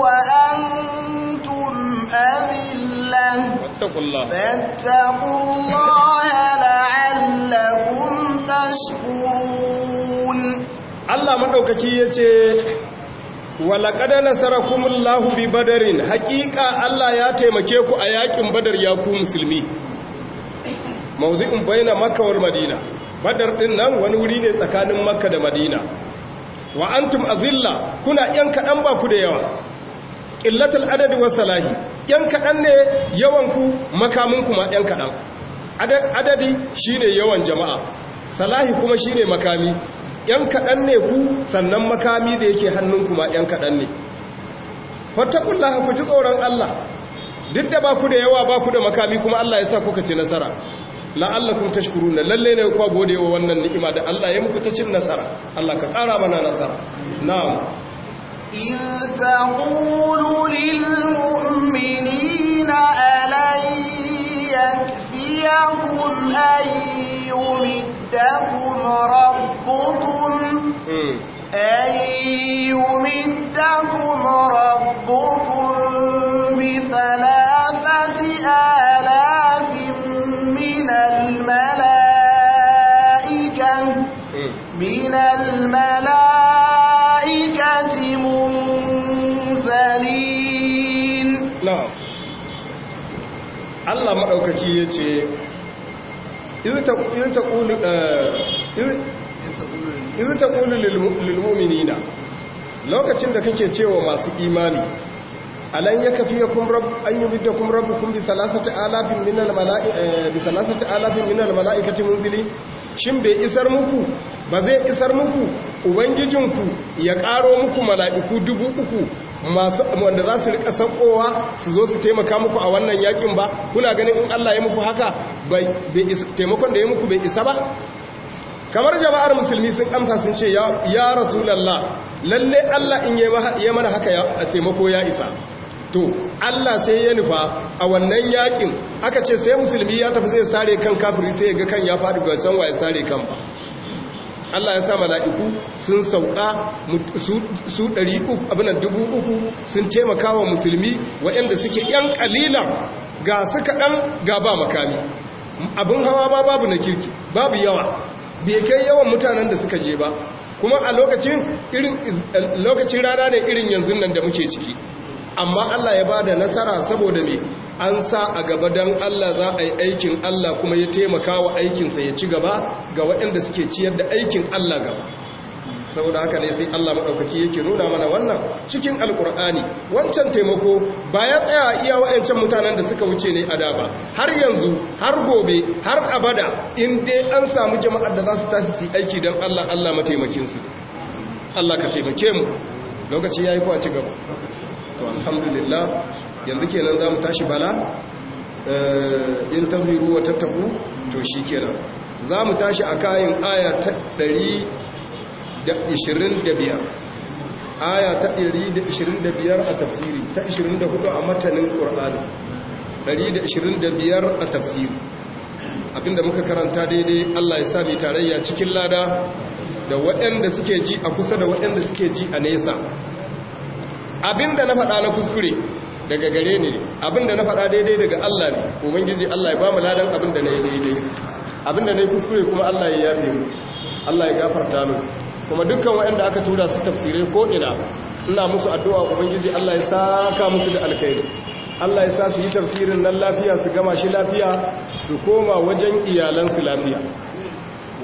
وأنتم Amin lan Allah maɗaukaki yace walaka da nasarar kumallahu bi badarin hakika Allah ya taimake ku a yakin badar ya kuma musulmi. Mauzi ƙumbaina makawar Madinah badar din nan wani wuri ne tsakanin Makka da Madinah waan tun azilla kuna yan kaɗan baku da yawa ƙillata al'adar da yan kaɗan ne yawanku makamin kuma yan kaɗan adadi shine yawan jama'a salahi kuma shine makami yan kaɗan ne ku sannan makami da yake hannun kuma yan kaɗan ne fattakullaha ku ji tsoron Allah duk da ba ku da yawa ba ku da makami kuma Allah ya sa kuka ci nasara la'allakum tashkuruna lalle ne ku gode wa wannan ni'ima da Allah ya muku ta cin nasara Allah ka ƙara mana nasara na'am إذ تقول للمؤمنين ألن يكفيكم أن يمدكم ربكم أن يمدكم ربكم بثلاثة آلاف من الملائكة إيه. من الملائكة جنات منزلين نعم الله مدوكاكي yace in taqulu in taqulu lil mu'minina lokacin da kake cewa masu imani alan yakfiyakum rabb an yi rabbukum bi salasati alafin minal mala'i bi salasati alafin minal mala'ikati munzili shin bai isar muku ba zai isar muku ubangijinku ya ƙaro muku mala'iku dubu uku masu wanda za su rika sakowa su zo su taimaka muku a wannan yakin ba kuna ganin in Allah ya muku haka taimakon da ya muku bai isa ba kamar jama'ar musulmi sun amsa sun ce ya rasulallah lalle Allah in ya mana haka a taimako ya isa to Allah sai ya nufa a wannan yakin aka ce sai musulmi ya tafi zai sare kan kafiri sai ya ga kan ya faɗi ga san wa ya sare kan ba Allah ya sa mala'iku sun sauka su ɗari uku abin dubu uku sun taimaka wa musulmi waɗanda suke ‘yan ƙalilan ga su kaɗan ga ba makami abin hawa ba babu na kirki babu yawa bai kai yawan mutanen da suka je ba kuma a lokacin rana ne irin yanzu nan da muke ciki amma Allah ya ba da nasara saboda mai an sa a gaba don Allah za a yi aikin Allah kuma ya taimaka wa aikinsa ya ci gaba ga waɗanda suke ciyar da aikin Allah gaba saboda haka ne sai Allah maɗaukaki yake nuna mana wannan cikin alkur'ani wancan taimako ba ya tsaya iya waɗancan mutanen da suka wuce ne a daba har yanzu har gobe har abada in dai an samu jama'ar da za su tashi su aiki don Allah Allah mataimakinsu Allah ka taimake mu lokaci ya yi kuwa ci gaba to alhamdulillah yanzu kenan za mu tashi bala eh, in tabiru wa tattaku to shi kenan za mu tashi a kayan aya ta 125 aya ta 125 a tafsiri ta 24 a matanin ƙur'ani 125 a tafsiri abinda muka karanta daidai Allah ya sami tarayya cikin lada da waɗanda suke ji a kusa da waɗanda suke ji a nesa abinda na faɗa na kuskure daga gare ni abinda na faɗa daidai daga Allah ne ubangiji Allah ya ba mu ladan abinda na yi daidai abinda na yi kuskure kuma Allah ya yafe mu Allah ya gafarta mu kuma dukkan waɗanda aka tura su tafsire ko ina ina musu addu'a ubangiji Allah ya saka musu da alkhairi Allah ya sa su yi tafsirin nan lafiya su gama shi lafiya su koma wajen iyalansu lafiya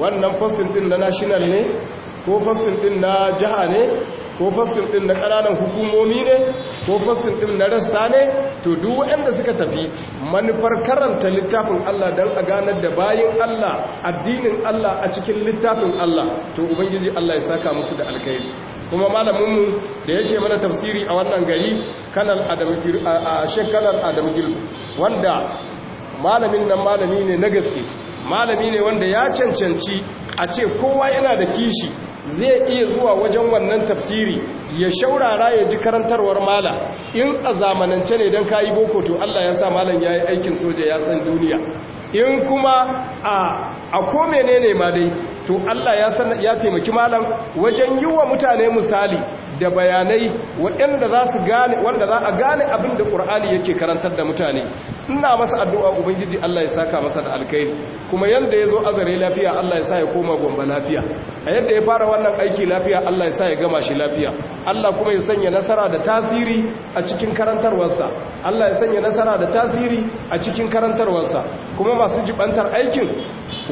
wannan fastin din na national ne ko fastin din na jiha ne ko fasil ɗin na ƙananan hukumomi ne ko fasil ɗin na rasta ne to duk waɗanda suka tafi manufar karanta littafin Allah don a ganar da bayin Allah addinin Allah a cikin littafin Allah to ubangiji Allah ya saka musu da alkhairi kuma malaminmu da yake mana tafsiri a wannan gari kanal adam gil wanda malamin nan malami ne na gaske malami ne wanda ya cancanci a ce kowa yana da kishi zai iya zuwa wajen wannan tafsiri ya shaurara ya ji karantarwar mala in a zamanance ne don kayi boko to Allah ya sa malam ya yi aikin soja ya san duniya in kuma a ko ne ma dai to Allah ya taimaki malam wajen yi wa mutane misali da bayanai waɗanda wanda za a gane abin da ƙur'ani yake karantar da mutane ina masa addu'a ubangiji Allah ya saka masa da alkai kuma yadda ya zo azare lafiya Allah ya sa ya koma gomba lafiya a yadda ya fara wannan aiki lafiya Allah ya sa ya gama shi lafiya Allah kuma ya sanya nasara da tasiri a cikin karantarwarsa Allah ya sanya nasara da tasiri a cikin karantarwarsa kuma masu jibantar aikin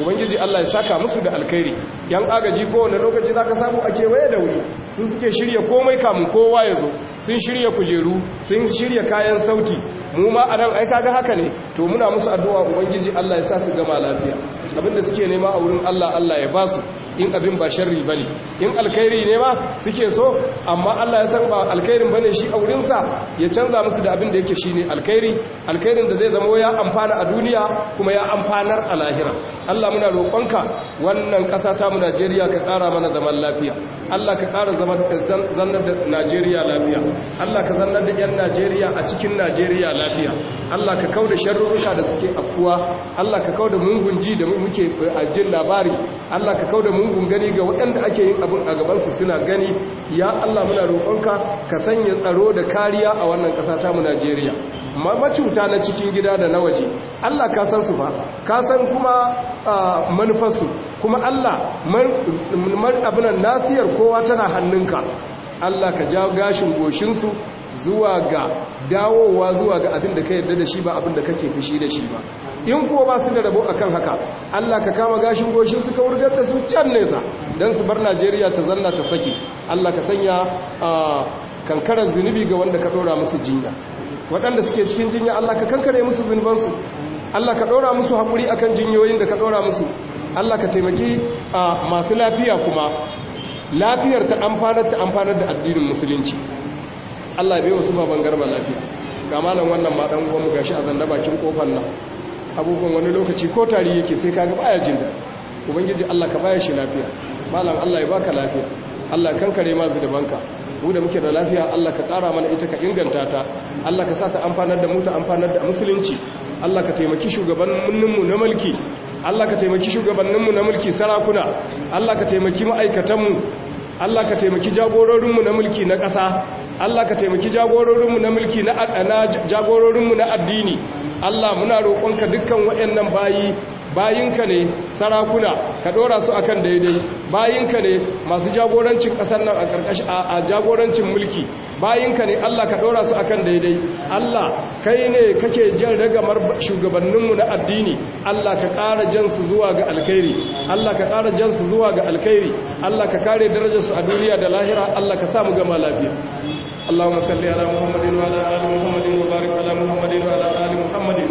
ubangiji Allah ya saka musu da alkhairi yan agaji kowane lokaci zaka samu a kewaye da wuri sun suke shirya komai kamun kowa ya zo sun shirya kujeru sun shirya kayan sauti mu ma a nan aika ga haka ne to muna musu addu'a ubangiji Allah ya sa su gama lafiya abin da suke nema a wurin Allah Allah ya ba su in abin ba sharri bane in alkhairi ne ma suke so amma Allah ya san ba alkhairin bane shi aurin sa ya canza musu da abin da yake shine alkhairi alkhairin da zai zama ya amfana a duniya kuma ya amfanar a lahira Allah muna roƙonka wannan ƙasa ta mu Najeriya ka ƙara mana zaman lafiya Allah ka ƙara zaman zannar da Najeriya lafiya Allah ka zannar da 'yan Najeriya a cikin Najeriya lafiya Allah ka kauda sharruka da suke afkuwa Allah ka kauda mungunji da muke a eh, jin labari Allah ka kauda mun gungun gani ga waɗanda ake yin abin a gabansu suna gani ya Allah muna roƙonka ka sanya tsaro da kariya a wannan ƙasa ta mu Najeriya mamacuta na cikin gida da na waje Allah ka san su fa ka san kuma manufarsu kuma Allah man abinan nasiyar kowa tana hannunka Allah ka ja gashin goshinsu zuwa ga dawowa zuwa ga abin da ka yarda da shi ba abin da kake fushi da shi ba in kuwa ba su da rabo kan haka Allah ka kama gashin goshin suka wurgar da su can nesa don su bar Najeriya ta zanna ta saki Allah ka sanya kankarar zunubi ga wanda ka ɗora musu jinya waɗanda suke cikin jinya Allah ka kankare musu zunubansu Allah ka ɗora musu haƙuri a kan jinyoyin da ka ɗora musu Allah ka taimaki masu lafiya kuma lafiyar ta amfanar ta amfanar da addinin musulunci Allah bai wasu baban garba lafiya ga malam wannan ma dan uwan gashi a zanda bakin kofar nan abubuwan wani lokaci ko tari yake sai kaga baya jin daɗi ubangiji Allah ka baya shi lafiya malam Allah ya baka lafiya Allah kare ma banka mu da muke da lafiya Allah ka ƙara mana ita ka inganta ta Allah ka sa ta amfanar da mu ta amfanar da musulunci Allah ka taimaki shugabanninmu na mulki Allah ka taimaki shugabanninmu na mulki sarakuna Allah ka taimaki ma'aikatanmu Allah ka taimaki jagororinmu na mulki na ƙasa Allah ka taimaki jagororinmu na mulki na jagororinmu na addini Allah muna roƙonka dukkan waɗannan bayi bayinka ne sarakuna ka ɗora su akan daidai bayinka ne masu jagorancin ƙasar nan a a jagorancin mulki bayinka ne Allah ka ɗora su akan daidai Allah kai ne kake jan ragamar shugabanninmu na addini Allah ka ƙara jan su zuwa ga alkhairi Allah ka ƙara jan su zuwa ga alkhairi Allah ka kare su a duniya da lahira Allah ka samu gama lafiya محمد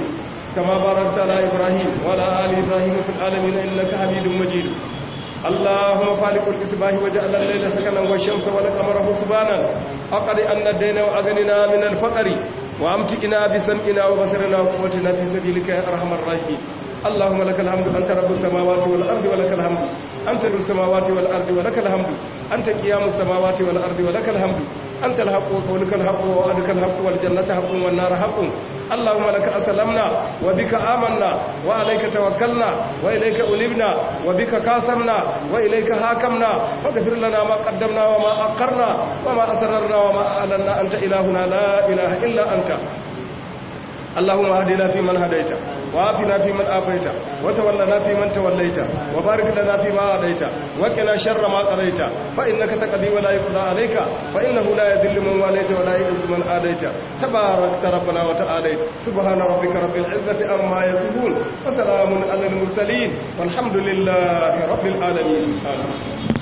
كما باركت على إبراهيم وعلى آل إبراهيم في العالمين إنك حميد مجيد اللهم فالق الإصباح وجعل الليل سكنا والشمس والقمر حسبانا أقر أن الدين وأغننا من الفقر وأمتئنا بسمئنا وبصرنا وقوتنا في سبيلك يا أرحم الراحمين اللهم لك الحمد أنت رب السماوات والأرض ولك الحمد أنت السماوات والأرض ولك الحمد أنت قيام السماوات والأرض ولك الحمد أنت الحق وقولك الحق ووعدك الحق والجنة حق والنار حق اللهم لك أسلمنا وبك آمنا وعليك توكلنا وإليك ألبنا وبك كاسمنا وإليك هاكمنا فاغفر لنا ما قدمنا وما أقرنا وما أسررنا وما أعلنا أنت إلهنا لا إله إلا أنت اللهم اهدنا فيمن هديت وعافنا فيمن عافيت وتولنا فيمن توليت وبارك لنا فيما اعطيت وقنا شر ما قضيت فانك تقضي ولا يقضى عليك فانه لا يذل من واليت ولا يعز من عاديت تباركت ربنا وتعالى سبحان ربك رب العزه عما يصفون وسلام على المرسلين والحمد لله رب العالمين آمين.